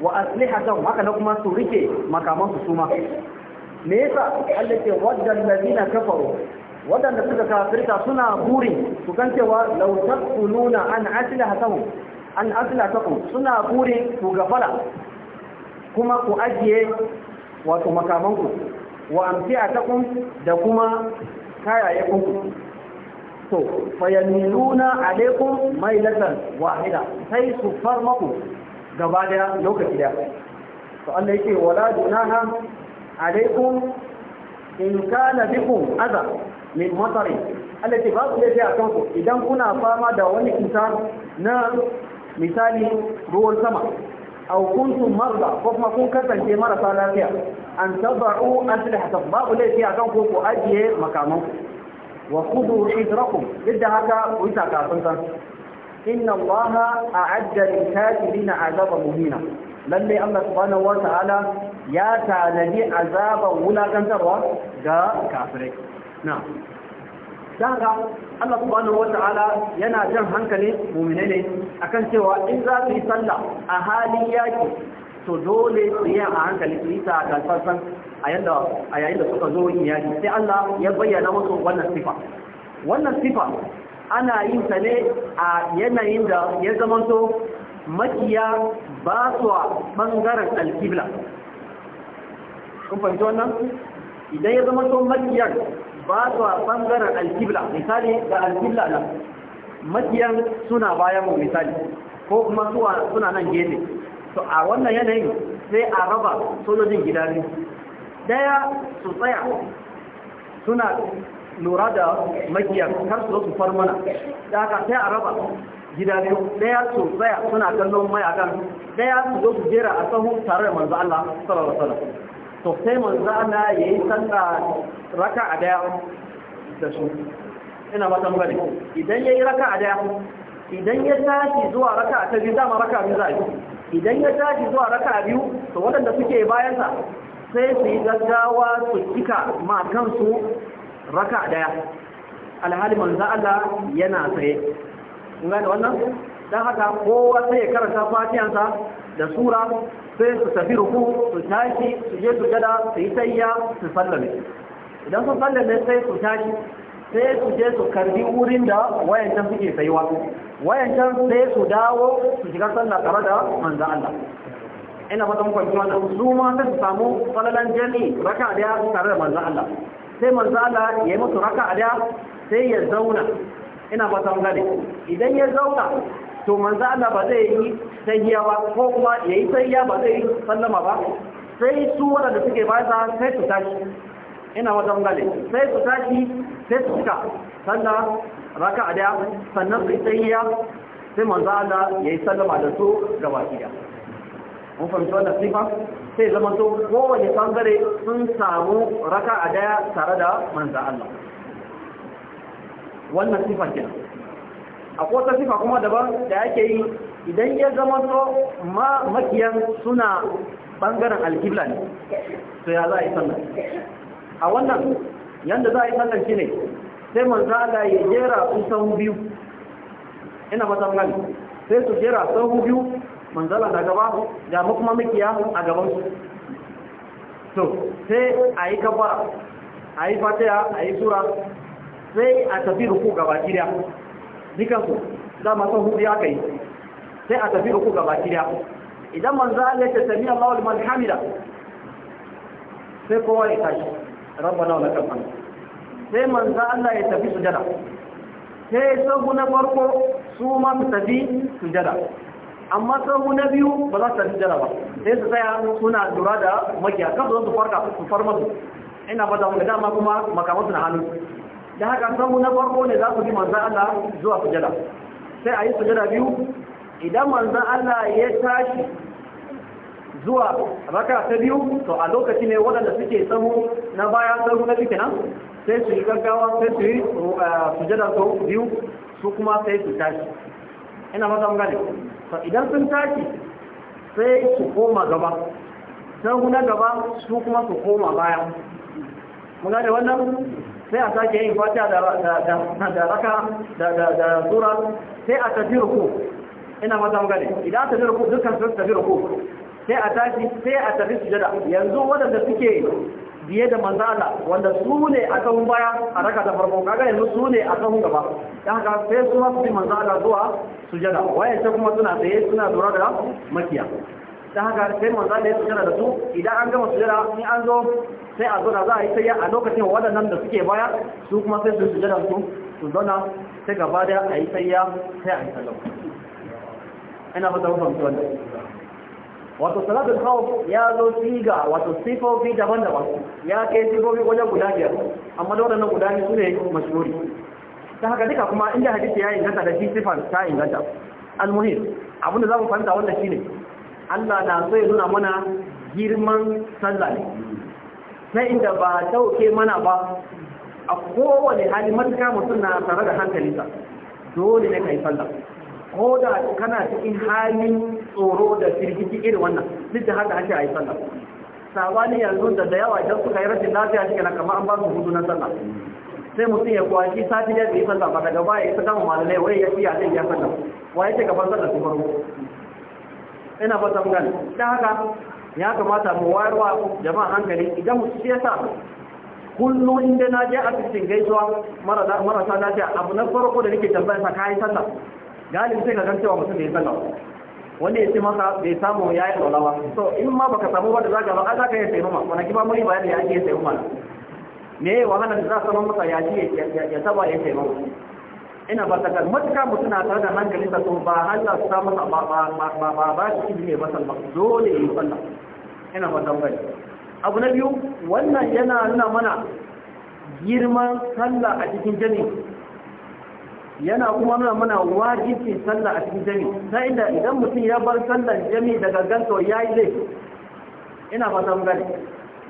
wa aslihatan haka na kuma su rike makaman su suma me yasa Allah ke wadan ladina kafaru wadanda suka kafirta suna buri su kan cewa law taquluna an aslihatakum an aslihatakum suna buri ku gafala kuma ku ajiye wato makamanku ku wa amsiyatakum da kuma kayayyakun ku to fayamiluna alaikum mailatan wahida sai su maku. gaba daya lokaci daya to Allah yake wala dunaha alaikum in kana bikum adha min matari Allah yake ba ku laifi a kanku idan kuna fama da wani cuta na misali ruwan sama aw kuntum marda ko kuma kun kasance marasa lafiya an tabaru aslihatakum babu laifi a kanku ku ajiye makamanku wa kudu hidrakum duk haka ku yi takasan inna allaha a'adda lil kafirina azaban muhina lalle Allah subhanahu wataala ya tanadi azaban wulakantarwa ga kafirai na daga Allah subhanahu wataala yana jan hankali mu'mine ne akan cewa in za su yi sallah a halin yaki to dole su yi a hankali su yi ta gasarsan a yayin da suka zo yin yaki sai Allah ya bayyana musu wannan sifa wannan sifa ana yin sa ne a yanayin da ya to makiya ba su a ɓangaren alkibla kun fahimci wannan idan ya to makiyar ba su a ɓangaren alkibla misali da alkibla nan makiyar suna bayan mu misali ko kuma suna nan gefe to a wannan yanayin sai a raba sojojin gida biyu daya su tsaya suna lura da makiyar kar su su far mana da haka sai a raba gida biyu daya su tsaya suna kallon akan daya su zo su jera a sahu tare da manzo Allah sallallahu alaihi wasallam to sai manzo Allah yayi sanda raka a daya da su ina ba tan bane idan yayi raka a daya idan ya tashi zuwa raka ta biyu dama raka biyu za idan ya tashi zuwa raka biyu to waɗanda suke bayansa sai su yi gaggawa su kika ma kansu raka daya alhali manzo Allah yana tsaye kun gane wannan dan haka kowa sai ya karanta fatihansa da sura sai su tafi ruku su tashi su je su gada su yi tayya su sallame idan sun sallame sai su tashi sai su je su karbi wurin da wayancan suke tsayuwa wayancan sai su dawo su shiga sallah tare da manzo Allah ina fatan kwanci wannan su ma sai su samu sallalan jami'i raka daya tare da manzo Allah sai manzala ya yi mutu raka da sai ya zauna ina ba san gane idan ya zauna to manzala ba zai yi tahiyya ba ko kuma ya yi tahiyya ba zai yi sallama ba sai su wanda suke ba sa sai su tashi ina san gane sai su tashi sai su cika sallah raka da sannan su tahiyya sai manzala ya yi sallama da su gaba ɗaya mun fahimci wannan sifa sai zama to kowane bangare sun samu raka a daya tare da manza Allah wannan sifa kenan A wata sifa kuma daban da yake yi idan ya zama to ma makiyan suna bangaren alkibla ne to ya za a yi sallar a wannan yadda za a yi sallar shi ne sai manza Allah ya jera kusan biyu ina fata gani sai su jera sahu biyu manzala da gaba mu ga kuma mukiya a gaban su to sai a yi kafara, a yi fatiha a yi sura sai a tafi ruku gaba kiriya dukansu dama sun hudu ya kai sai a tafi ruku gaba kiriya idan manzala ya ce sami allahu liman hamida sai kowa ya tashi rabbana wa lakal hamd sai manza Allah ya tafi sujada sai sabu na farko su ma su tafi sujada amma sahu na biyu ba za su tafi ba sai su tsaya suna lura da makiya kan su farka su far masu ina fata muka dama kuma makamansu na hannu da haka sahu na farko ne za su bi manzan Allah zuwa su jara sai a yi sujada biyu idan manzan Allah ya tashi zuwa raka ta biyu to a lokaci ne waɗanda suke sahu na baya sahu na biyu kenan sai su yi gaggawa sai su yi eh, sujada sau biyu su kuma sai su tashi ina mata mun gane to idan sun tashi sai su koma gaba sahu na gaba su kuma su koma baya mun gane wannan sai a sake yin fatiha da da raka da da da sura sai a tafi ruku ina mata mun gane idan tafi ruku dukkan su tafi ruku sai a tashi sai a tafi sujada yanzu wadanda suke biye da manzo Allah wanda su ne a kan baya a raka da farko kaga yanzu su ne a kan gaba dan haka sai su hafi manzo Allah zuwa sujada waye ta kuma suna tsaye suna dora da makiya dan haka sai manzo Allah ya sujada da su idan an gama sujada in an zo sai a da za a yi sai a lokacin waɗannan da suke baya su kuma sai su sujada su su zauna sai gaba da a yi sai ya sai a yi sallama ina fata ku fahimci wannan wato salatul khawf ya zo siga wato sifofi daban-daban ya kai sifofi wajen guda biyar amma da waɗannan guda biyu sune mashhuri ta haka duka kuma inda hadisi ya inganta da shi sifan ta inganta almuhim da za mu fahimta wannan shine Allah na so ya nuna mana girman sallah ne ta inda ba dauke mana ba a kowane hali matuƙa mutum na tare da hankalinsa dole ne ka yi sallah ko da kana cikin halin tsoro da firgiti irin wannan duk da haka ake a yi sallah sabani yanzu da da yawa idan suka yi rashin lafiya shi kenan kamar an ba su hudu na sallah sai mutum ya kwashi sati da yi sallah ba daga baya ya saka mu malalai wai ya fiya zai ya sallah wa ya ce gaban sallah su farko ina ba san gani da haka ya kamata mu wayarwa jama'a hankali idan mu shi yasa kullum inda na je asibitin gaisuwa marasa lafiya abu na farko da nake tambaya sa yi sallah galibi sai ka gan cewa mutum bai sallah wanda ya ce maka bai samu ya yi ɗaulawa so in ma baka samu ba da ka ba za ka yi sai mama wani kima muni bayan da ya ake sai mama me ya wahalar da za su masa ya ci ya taba ya sai mama ina ba takar matuka mutum na tare da hankali da kuma ba Allah su samu ba ba ba ba shi ne ba salma dole ya yi sallah ina ba tambayi abu na biyu wannan yana nuna mana girman sallah a cikin jami'i yana kuma nuna mana wajibi sallah a cikin jami ta inda idan mutum ya bar sallah jami daga ganto to ya yi zai ina fata mu gani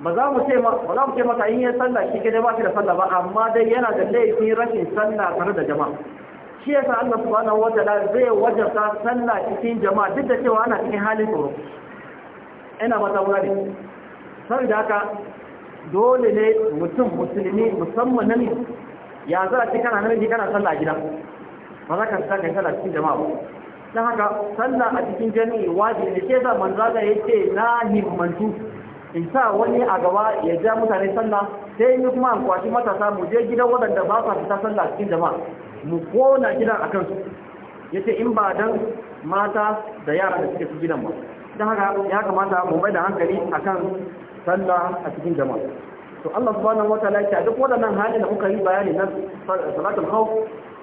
ba za mu ce ba za mu ce maka in ya sallah shi gida ba shi da sallah ba amma dai yana da laifin rashin sallah tare da jama'a shi yasa Allah subhanahu wataala zai wajaba sallah cikin jama'a duk da cewa ana cikin halin tsoro ina fata mu gani saboda haka dole ne mutum musulmi musamman namiji ya za a ce kana namiji kana sallah a gida ba za ka sa kai sallah cikin jama'a ba don haka sallah a cikin jami'i wajen da ke za zaga ya ce na himmantu in sa wani a gaba ya ja mutane sallah sai ni kuma an kwashi matasa mu je gidan waɗanda ba sa fita sallah cikin jama'a mu kona gidan a kansu ya ce in ba dan mata da yara da suke su gidan ba don haka ya kamata mu bai da hankali akan sallah a cikin jama'a to Allah subhanahu wataala ya duk waɗannan halin da muka yi bayani na salatul khawf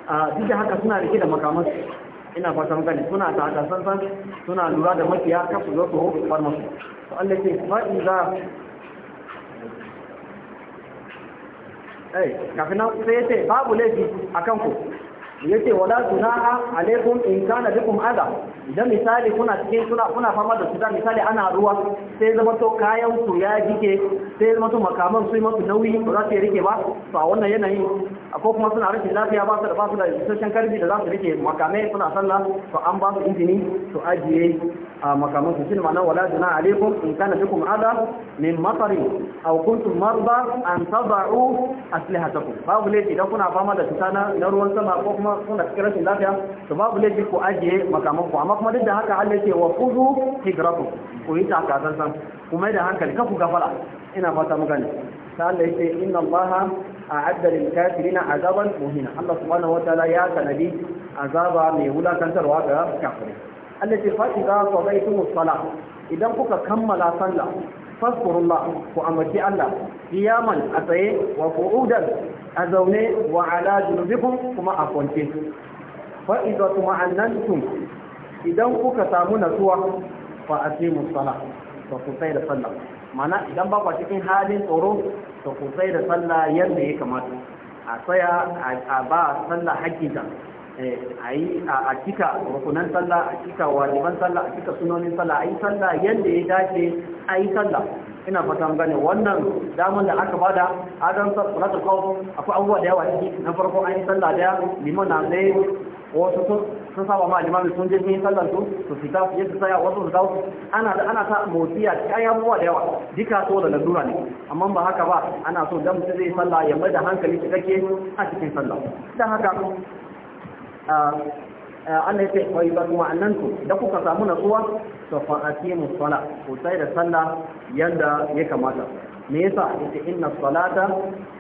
a duk haka suna rike da makaman ina mun gani suna ta san sansan suna lura da makiya kan su zo su farma su to Allah ya ce fa iza ai eh, kafin sai ya ce babu laifi akan ku yace wala tunaha alaikum in kana bikum adha idan misali kuna cikin kuna kuna fama da cuta misali ana ruwa sai zama to kayan su ya jike sai zama to makaman su masu nauyi ba za su rike ba to a wannan yanayin akwai kuma suna rashin lafiya ba su da ba su da isasshen karfi da za su rike makamai suna sallah to an ba su izini su ajiye a makaman su shine ma'ana wala tunaha alaikum in kana bikum adha min matari aw kuntum marda an tad'u aslihatakum babu laifi idan kuna fama da cuta na ruwan sama ko kuma kuma suna cikin rashin lafiya to babu laifi ku ajiye makaman ku amma kuma duk da haka Allah yake wa kudu hidrakum ku yi taka san ku mai da hankali kan ku gafara ina fata mu gani sai Allah yake inna Allah a'adda lil kafirina azaban muhina Allah subhanahu wataala ya sanadi azaba mai wulakantarwa ga kafirai Allah ce fa idza qadaytumus salah idan kuka kammala sallah fadkurullah ku ambaci Allah qiyaman a tsaye wa qu'udan a zaune wa ala junubikum kuma a kwance fa su tuma'annantum idan kuka samu nasuwa fa asimu salat to ku sai da sallah mana idan ba kwa cikin halin tsoro to ku sai da sallah yadda ya kamata a tsaya a ba sallah hakika Eh, a yi a cika rukunan sallah a cika sallah a sunonin sallah ayi sallah yanda ya dace ayi sallah ina fatan gane wannan damar da aka bada adam salatul qawm akwai abubuwa da yawa ciki na farko ayi sallah da liman na zai wasu sun saba ma limamin sun je sun yi sallar su su fita su je su tsaya wasu su dawo ana ana ta motsiya kayan abubuwa da yawa duka so da lalura ne amma ba haka ba ana so dan mutum zai sallah ya mai da hankali cikakke a cikin sallah dan haka Allah ya ce wai ba da kuka samu natsuwa to fa asimu sala ku sai da sallah yanda ya kamata me yasa yace inna salata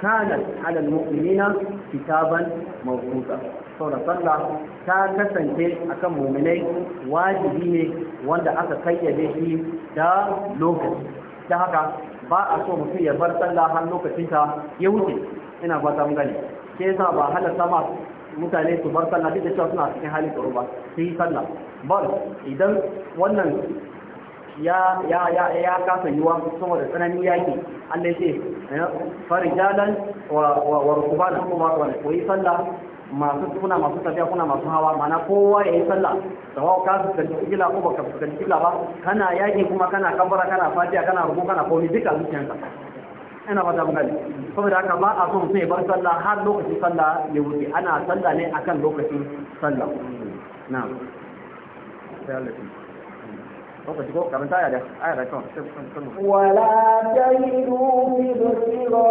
kanat ala almu'minina kitaban mawquta saboda sallah ta kasance akan mu'minai wajibi ne wanda aka kayyade shi da lokaci ta haka ba a so mutum ya bar sallah har lokacin ta ya wuce ina ba mun gani ke yasa ba halatta ma mutane su bar sallah duk da cewa suna cikin hali tsoro ba su yi sallah bal idan wannan ya ya ya ya kasa yiwa saboda tsananin yaki Allah ya ce eh, farijalan wa wa rukubana kuma wa yi sallah masu kuna masu tafiya kuna masu hawa mana kowa ya yi sallah sawa ka fuskanci kila ko baka fuskanci kila ba kana yaƙi kuma kana kabara kana fatiya kana rubu kana komi duka zuciyanka ina fata mun gani saboda haka ba a son sai bar sallah har lokacin sallah ya wuce ana sallah ne akan lokacin sallah Na. sai Allah lokaci ko karanta aya da aya da kan sai kun kun wala tayidu bi dhira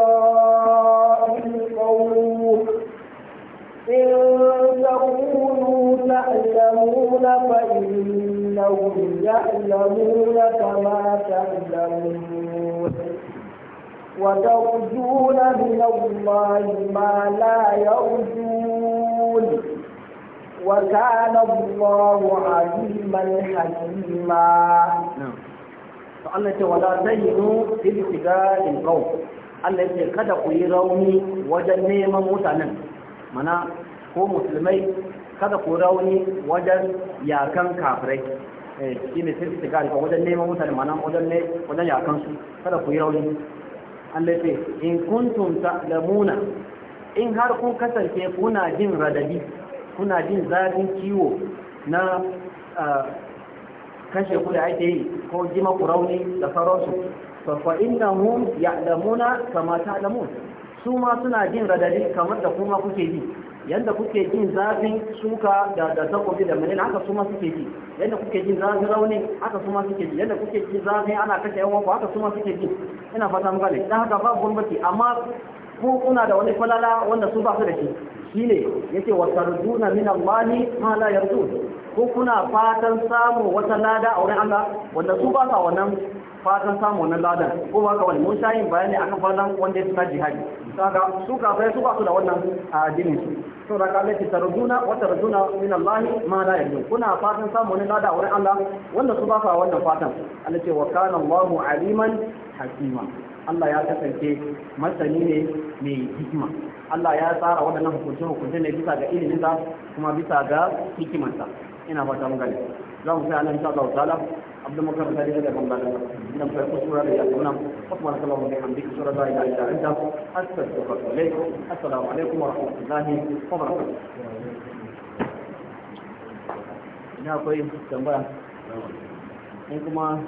إن تكونوا تعلمون فإنهم يعلمون كما تعلمون وترجون من الله ما لا يرجون وكان الله عليما حكيما فالله تعالى زينوا في ابتداء القوم Allah ya ce kada وجنيما yi mana ko musulmai kada ku rauni wajen yakan kafirai eh, shi ne sai su ko wajen neman mutane mana wajen ne wajen yakan su kada ku yi rauni Allah ce in kuntum ta'lamuna in har kun kasance kuna jin radadi kuna jin zafin ciwo na kashe ku da ake yi ko jima ku rauni da sauransu fa fa innahum ya'lamuna kama ta'lamun su ma suna jin radadi kamar da kuma kuke ji yadda kuke jin zafin shuka da da takobi da menene haka su ma suke ji yadda kuke jin zafin rauni haka su ma suke ji yadda kuke jin zafin ana kashe yan wanku haka su ma suke ji ina fata muka ne dan haka babu gurbati amma ku kuna da wani falala wanda su ba su da shi shine yake wa tarjuna min Allahi ma la yanzu? ko kuna fatan samu wata lada a wurin Allah wanda su ba sa wannan fatan samu wannan ladan ko ba ka wani mun yin bayani akan fatan wanda ya tsaya jihadi kaga su kafirai su ba su da wannan addinin to da kaga ki tarjuna wa tarjuna min Allah ma la yarju kuna fatan samu ne lada wurin Allah wanda su ba fa wannan fatan Allah ce wa kana Allahu aliman hakima Allah ya kasance masani ne mai hikima Allah ya tsara waɗannan hukunce-hukunce ne bisa ga iliminsa kuma bisa ga hikimansa ina fata mun gane لهم فيها عليهم سعد وتعالى عبد المكرم تعالى هذا من بعد إنهم في قصورة لي أبونا حكم على الله وبحمده قصورة لا إله إلا أنت أستغفرك إليكم السلام عليكم ورحمة الله وبركاته ina akwai tambaya in kuma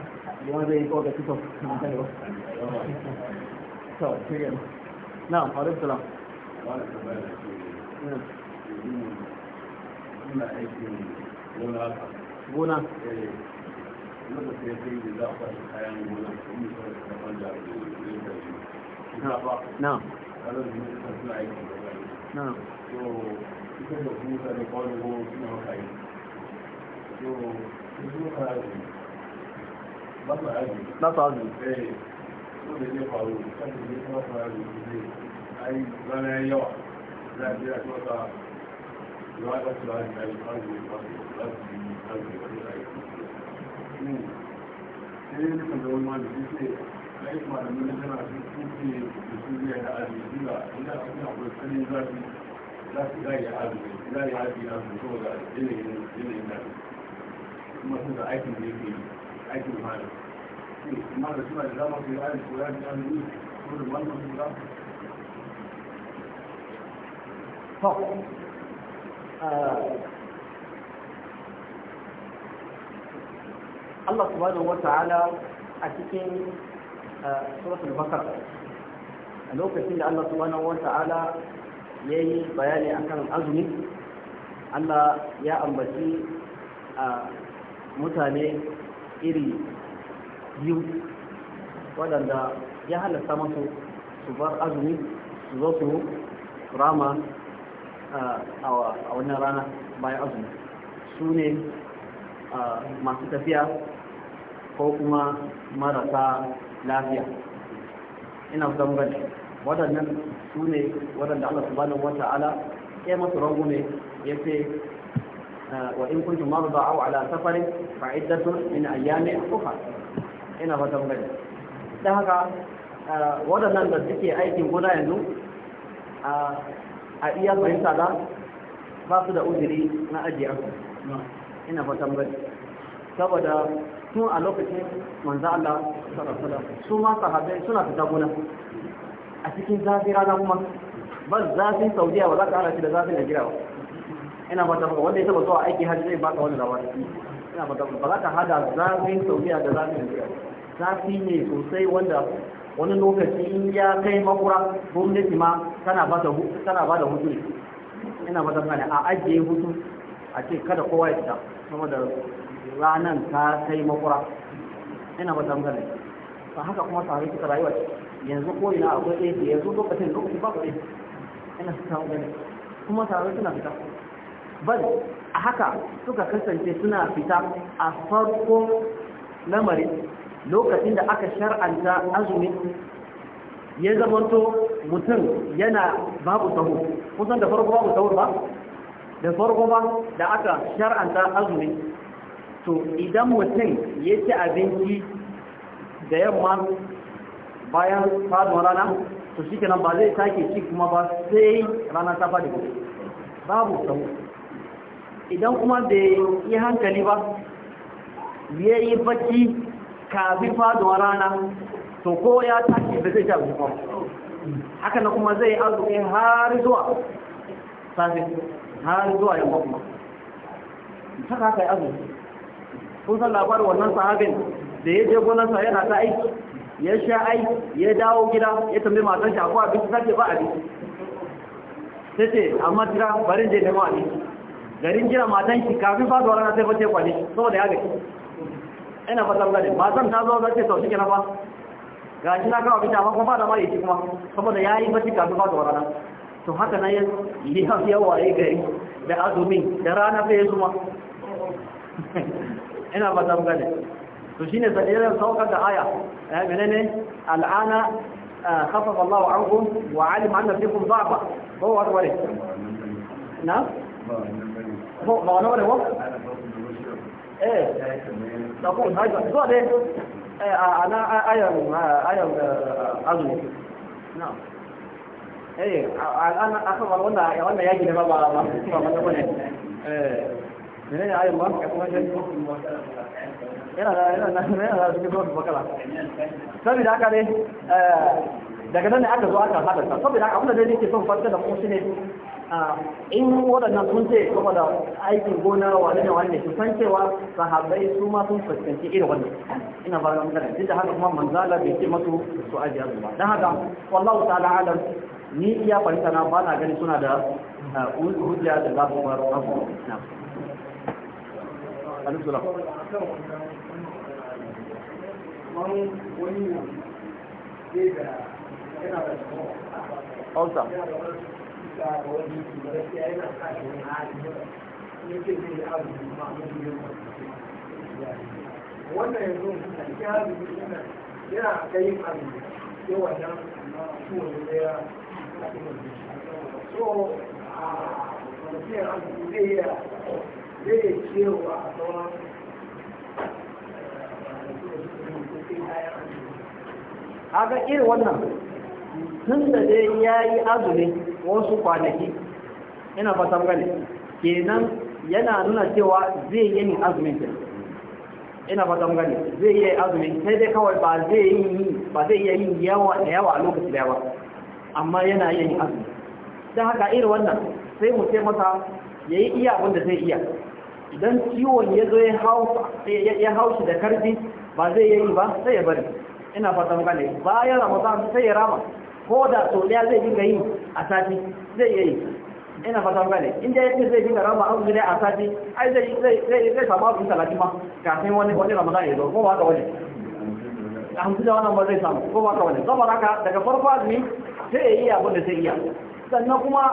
yawan zai yi kawai ga tito na kan yau so shirya na faru tula wani gona na na ba su azumi ai yawa za a jira kuma su da aikin Allah subhanahu wa ta'ala a cikin uh, suratul bakara a lokacin da Allah subhanahu wa ta'ala ya yi bayani akan azumi Allah ya ambaci a uh, mutane iri biyu waɗanda ya halatta masu su bar azumi su zo su rama uh, a wannan rana bayan azumi su ne masu tafiya ko kuma marasa lafiya ina son gani waɗannan su ne waɗanda Allah subhanahu wata'ala ya masu rangu ne ya ce wa in kuntum marda aw ala safarin fa iddatun min ayyamin ukhra ina fatan gani dan haka waɗannan da suke aikin gona yanzu a iya fahimta da ba su da uzuri na ajiyar ina fatan bai saboda tun a lokacin manzo Allah su ma sahabbai suna fita gona a cikin zafi rana kuma ba zafin Saudiya ba za ka halarci shi da zafin Najeriya ba ina fata ba wanda ya saba zuwa aiki hajji zai baka wani labari ina fata ba za ka hada zafin Saudiya da zafin Najeriya zafi ne sosai wanda wani lokaci in ya kai makura gwamnati ma tana ba da tana ba da hutu ina fatan bai a ajiye hutu a ce kada kowa ya fita saboda ranar ta kai makura ina ba gane ba haka kuma sahabi suka rayuwa yanzu ko ina akwai da yanzu lokacin lokacin ba ku AC ina su samu gani kuma sahabi suna fita bal a haka suka kasance suna fita a farkon lamarin lokacin da aka shar'anta azumi ya zamanto mutum yana babu sahu kusan da farko babu sahur ba da farko ba da aka shar'anta azumi to idan mutum ya ci abinci da yamma bayan fadon rana to shi kenan ba zai sake ci kuma ba sai rana ta faɗi babu sau idan kuma bai yi hankali ba ya yi bacci kafin fadon rana to ko ya tashi da zai ci abinci ba haka na kuma zai azumi har zuwa safe har zuwa yin kuma ta haka ya azumi kun san labar wannan sahabin da ya je gonarsa yana ta aiki ya sha aiki ya dawo gida ya tambayi matan shi akwai abinci sake ba abinci sai ce amma jira barin je nemo abinci garin jira matan shi kafin fasuwa rana sai bace kwale, saboda ya gaji. ina fata gani matan ta zo zace sau shike na ba ga shi na kawo abinci amma kuma ba da ma shi kuma saboda ya yi bace kafin fasuwa rana to haka na yawa ya gari da azumi da rana bai zuma ina ba ta gane to shine sadiran saukar da aya eh menene al'ana خفف الله عنكم وعلم أن فيكم ba هو أكبر نعم ba ما نور هو ايه تقول هذا سؤال ايه انا ايه ايه azumi na? eh al'an da ba ba saboda haka ne eh, daga nan ne aka zo aka hada ta saboda haka abinda dai yake son a da mu shine in waɗannan sun ce kuma da aikin gona wani da wani su san cewa sahabbai su ma sun fuskanci irin wannan ina ba ga magana duk da haka kuma manzala bai ce masu su ajiya ba dan haka wallahu ta'ala alam ni iya fahimta na ba na gani suna da ah, hujja da za su bar abu na alisula Awesome. wannan yanzu a yana kai abin yawan nan da ya so a kwanciyar eh, haka irin wannan tun da dai ya yi azumi wasu kwanaki ina fatan gani kenan yana nuna cewa zai yi azumin kenan ina ba zan gani zai yi azumi sai dai kawai ba zai yi ba zai yawa da yawa a lokaci daya ba amma yana yin azumi don haka irin wannan sai mu sai masa ya yi iya wanda zai iya idan ciwon ya zo ya haushi da karfi ba zai yi ba sai ya bari ina fata ya bayan ramadan sai ya rama ko da sau zai dinga yi a sati zai yi ina fata ne. inda ya ce zai dinga rama abu gida a sati ai zai zai zai samu abu talatin ma kafin wani wani ramadan ya zo ko ba ka wani a wannan ba zai samu ko ba ka wani saboda haka daga farko azumi sai ya yi abin da zai iya sannan kuma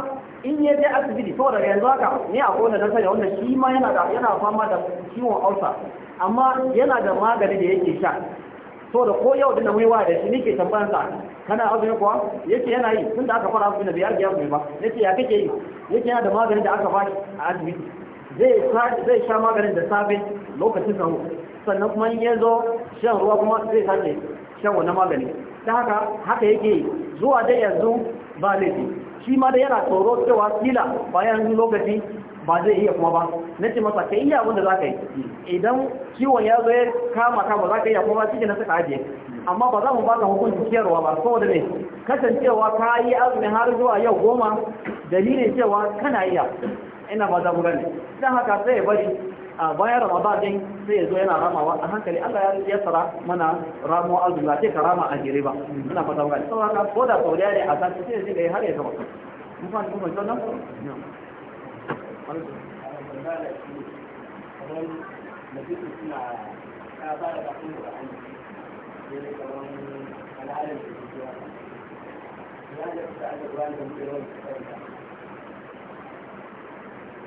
in yi je asibiti to daga yanzu haka ne a kowane dan sanya wanda shi ma yana da yana fama da ciwon ausa? amma yana da magani da yake sha da ko yau din mai wa da shi nake tambayan sa kana azumi kuwa yake yana yi tunda aka fara azumi da biyar biyar mai ba yace ya kake yi yake yana da maganin da aka bashi a asibiti zai zai sha maganin da safe lokacin sahur sannan kuma in ya zo shan ruwa kuma zai sake shan wannan magani ta haka haka yake yi zuwa dai yanzu ba laifi shi ma da yana tsoro cewa kila bayan lokaci ba zai iya kuma ba na ce masa ka iya wanda za ka yi idan ciwon ya zo ya kama ka ba za ka iya kuma cike na suka ajiye amma ba za mu ba ka hukunci ciyarwa ba da ne kasancewa ka yi azumin har zuwa yau goma dalilin cewa kana iya ina ba za mu gane don haka sai ya bari a bayan ramadan din sai ya zo yana ramawa a hankali Allah ya tsara mana ramo azumi sai ka rama a jere ba ina fata ba saboda ka ko da sauriya ne a san sai zai kai har ya zama mun fa kuma to nan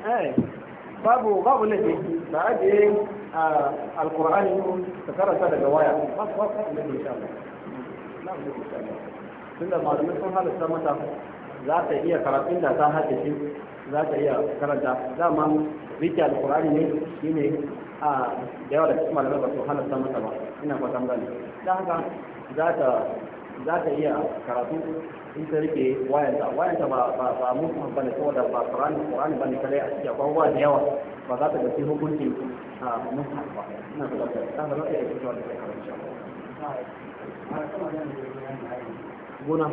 Hey. babu babu laifi da ajiye a alkur'ani ka karanta daga waya babu babu laifi insha Allah tunda malamai sun halatta mata za ta iya karatun da ta hake shi za ta iya karanta dama rike alkur'ani ne shine a da yawa da cikin malamai ba su halatta mata ba ina fatan gani dan haka za ta za ka iya karatu in ta rike wayanta wayanta ba ba ba mu ba ne saboda ba Qur'ani Qur'ani ne kare a cikin abubuwa da yawa ba za ta ga sai hukunci a mun ba ina da ta ba za ta iya fitowa da gona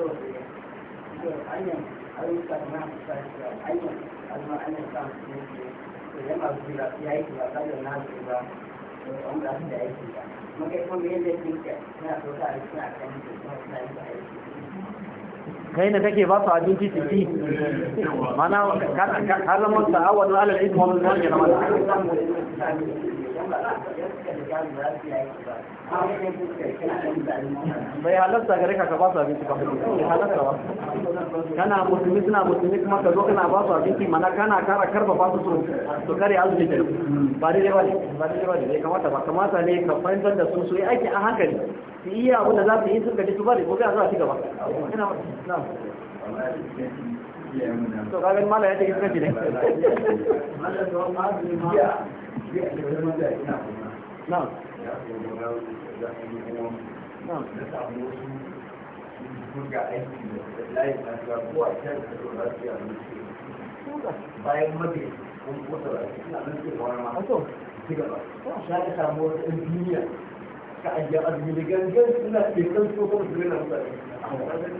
kai na kake ba su abinci su ci mana har zama sa'awar alal ismail na yana mana bai halarta gare ka ka ba su abinci ka bai halarta ba kana musulmi suna musulmi kuma ka zo kana ba su abinci mana kana kara karba ba su to kare azumi da ba dai ba ba dai ba dai kamata ba kamata ne ka fahimtar da su su yi aiki a hankali su iya abin da za su yi sun gaji su bari kai a zuwa ci gaba to kaga mala ne نعم نعم bayan mafi kun kusa da shi na nan cewa na masu ci gaba ta ka samu wata ɗan duniya ka ajiye azumi da gangan suna ke san so kuma su rena mutane a wajen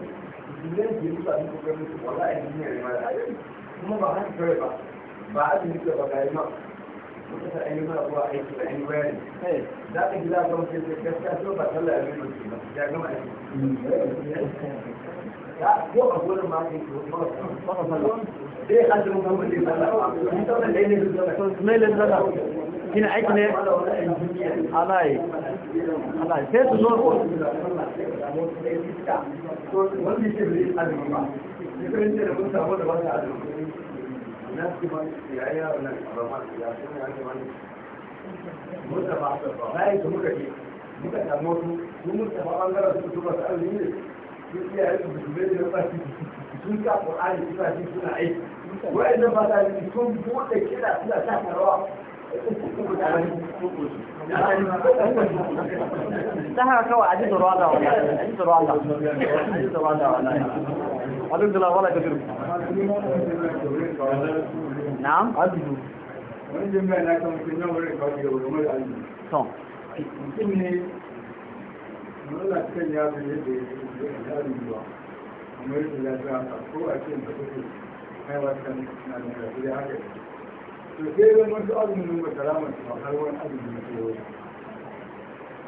duniyan ke musu abin kokarin su wala a duniya ne ma da kuma ba haka kawai ba ba a duniya ba ga yi ma kusa an yi ba zuwa aiki da an bayani eh. za ka gida ga wasu da gaskiya so ba talla a biyu ba ya gama aiki hmm. ya ko a gurin ma ne ko ba dai an zama kan mutum ba ni ta wannan dai ne su zama to mai lan zama ina aiki ne alai alai sai su zo ko to wannan shi ne azumi ba ne kan da mun samu da wannan azumi الناس كمان الشيعية ولا الحرامات الشيعية عشان كمان متفق لا يسموك شيء ممكن تموتوا ومتفق أن لا تكتبوا تسألوا ليه في عيسو بالبيت يبقى تكون كقرآن يبقى تكون عيسو وإذا بدأ يكون بقول لك كده كده سهل روح انتهى كوا عزيز الرادة ولا عزيز الرادة عزيز الرادة ولا alhamdulillah wala ka dirku na'am azu wani jami'a na kan mutum nan da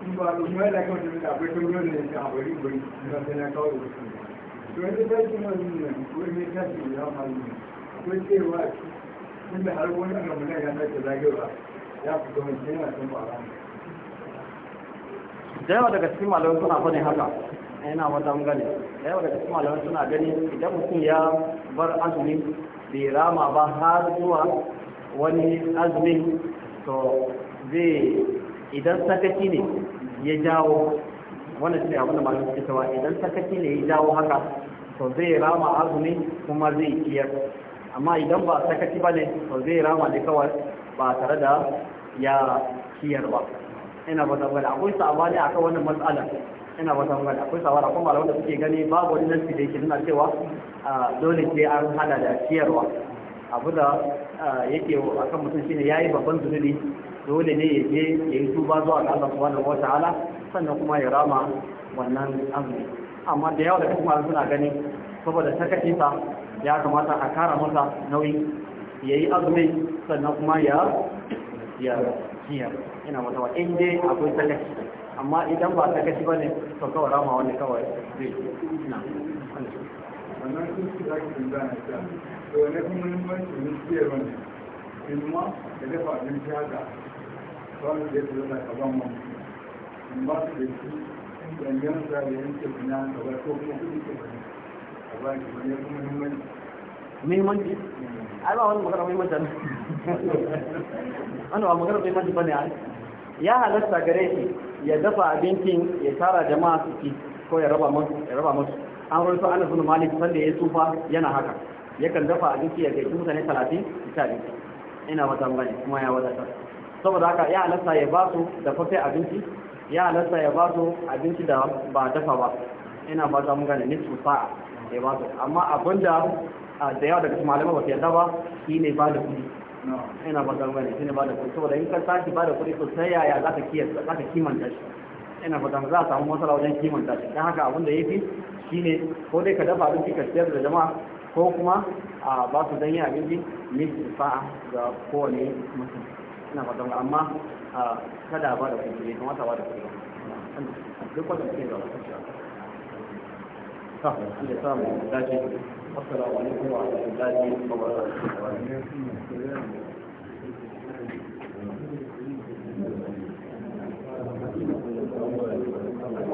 yi ta ke ya da wani tashin wani ne ko ne tashin ya faru ne ko cewa tunda har wani a gamuna ya sake zagewa ya fi gama ce yana son fara da yawa daga cikin malamai suna fane haka yana wata gane da yawa daga cikin malamai suna gani idan mutum ya bar azumi bai rama ba har zuwa wani azumi to zai idan sakaci ne ya jawo wannan shi abin da malam suke cewa idan sakaci ne ya jawo haka to zai rama azumi kuma zai kiyar amma idan ba sakaci ba ne to zai rama ne kawai ba tare da ya kiyar ba ina ba tabbata akwai sabani akan wannan matsalar ina ba tabbata akwai sabani akwai malaman da suke gani babu wani nasi da yake nuna cewa dole sai an hada da kiyarwa abu da yake akan mutum shine yayi babban zunubi dole ne ya je ya yi tuba zuwa ga Allah subhanahu wataala sannan kuma ya rama wannan azumi amma da yawa da kuma suna gani saboda ta kaɗifa ya kamata a kara masa nauyi ya yi azumi sannan kuma ya ya jiya ina mata wa in akwai sakaci amma idan ba sakaci ba ne to kawai rama wani kawai zai na wannan sun ci da ake da na ta to ne kuma muhimmanci ne ciyar wani in ma da dafa abinci haka ba mu da ya tsaye da kaban mu ba ya halatta gare shi ya dafa abincin ya tara jama'a su ci ko ya raba musu ya raba musu an rawaito Anas sunu Malik sanda ya tsufa yana haka yakan dafa abinci ya gaishe mutane 30 abinci ina wata bane kuma ya ta, saboda haka ya halatta ya ba su dafaffe abinci ya halatta ya ba su abinci da ba dafa ba ina fata mun gane su sa'a ya ba su amma abinda da yawa daga malama ba su yadda ba shine ba da kuɗi ina fata mun gane shine ba da kuɗi saboda in ka tashi ba da kuɗi sosai yaya za ka za ka kimanta shi ina fata za a samu matsala wajen kimanta shi don haka abinda ya fi shine ko dai ka dafa abinci ka siyar da jama'a ko kuma a ba su danyen abinci su sa'a ga kowane mutum ina fata amma a kada ba da kuɗi ne kamata ba da kuɗi duk wanda ke da wasu shi ta Allah ya dace kuma alaikum wa rahmatullahi wa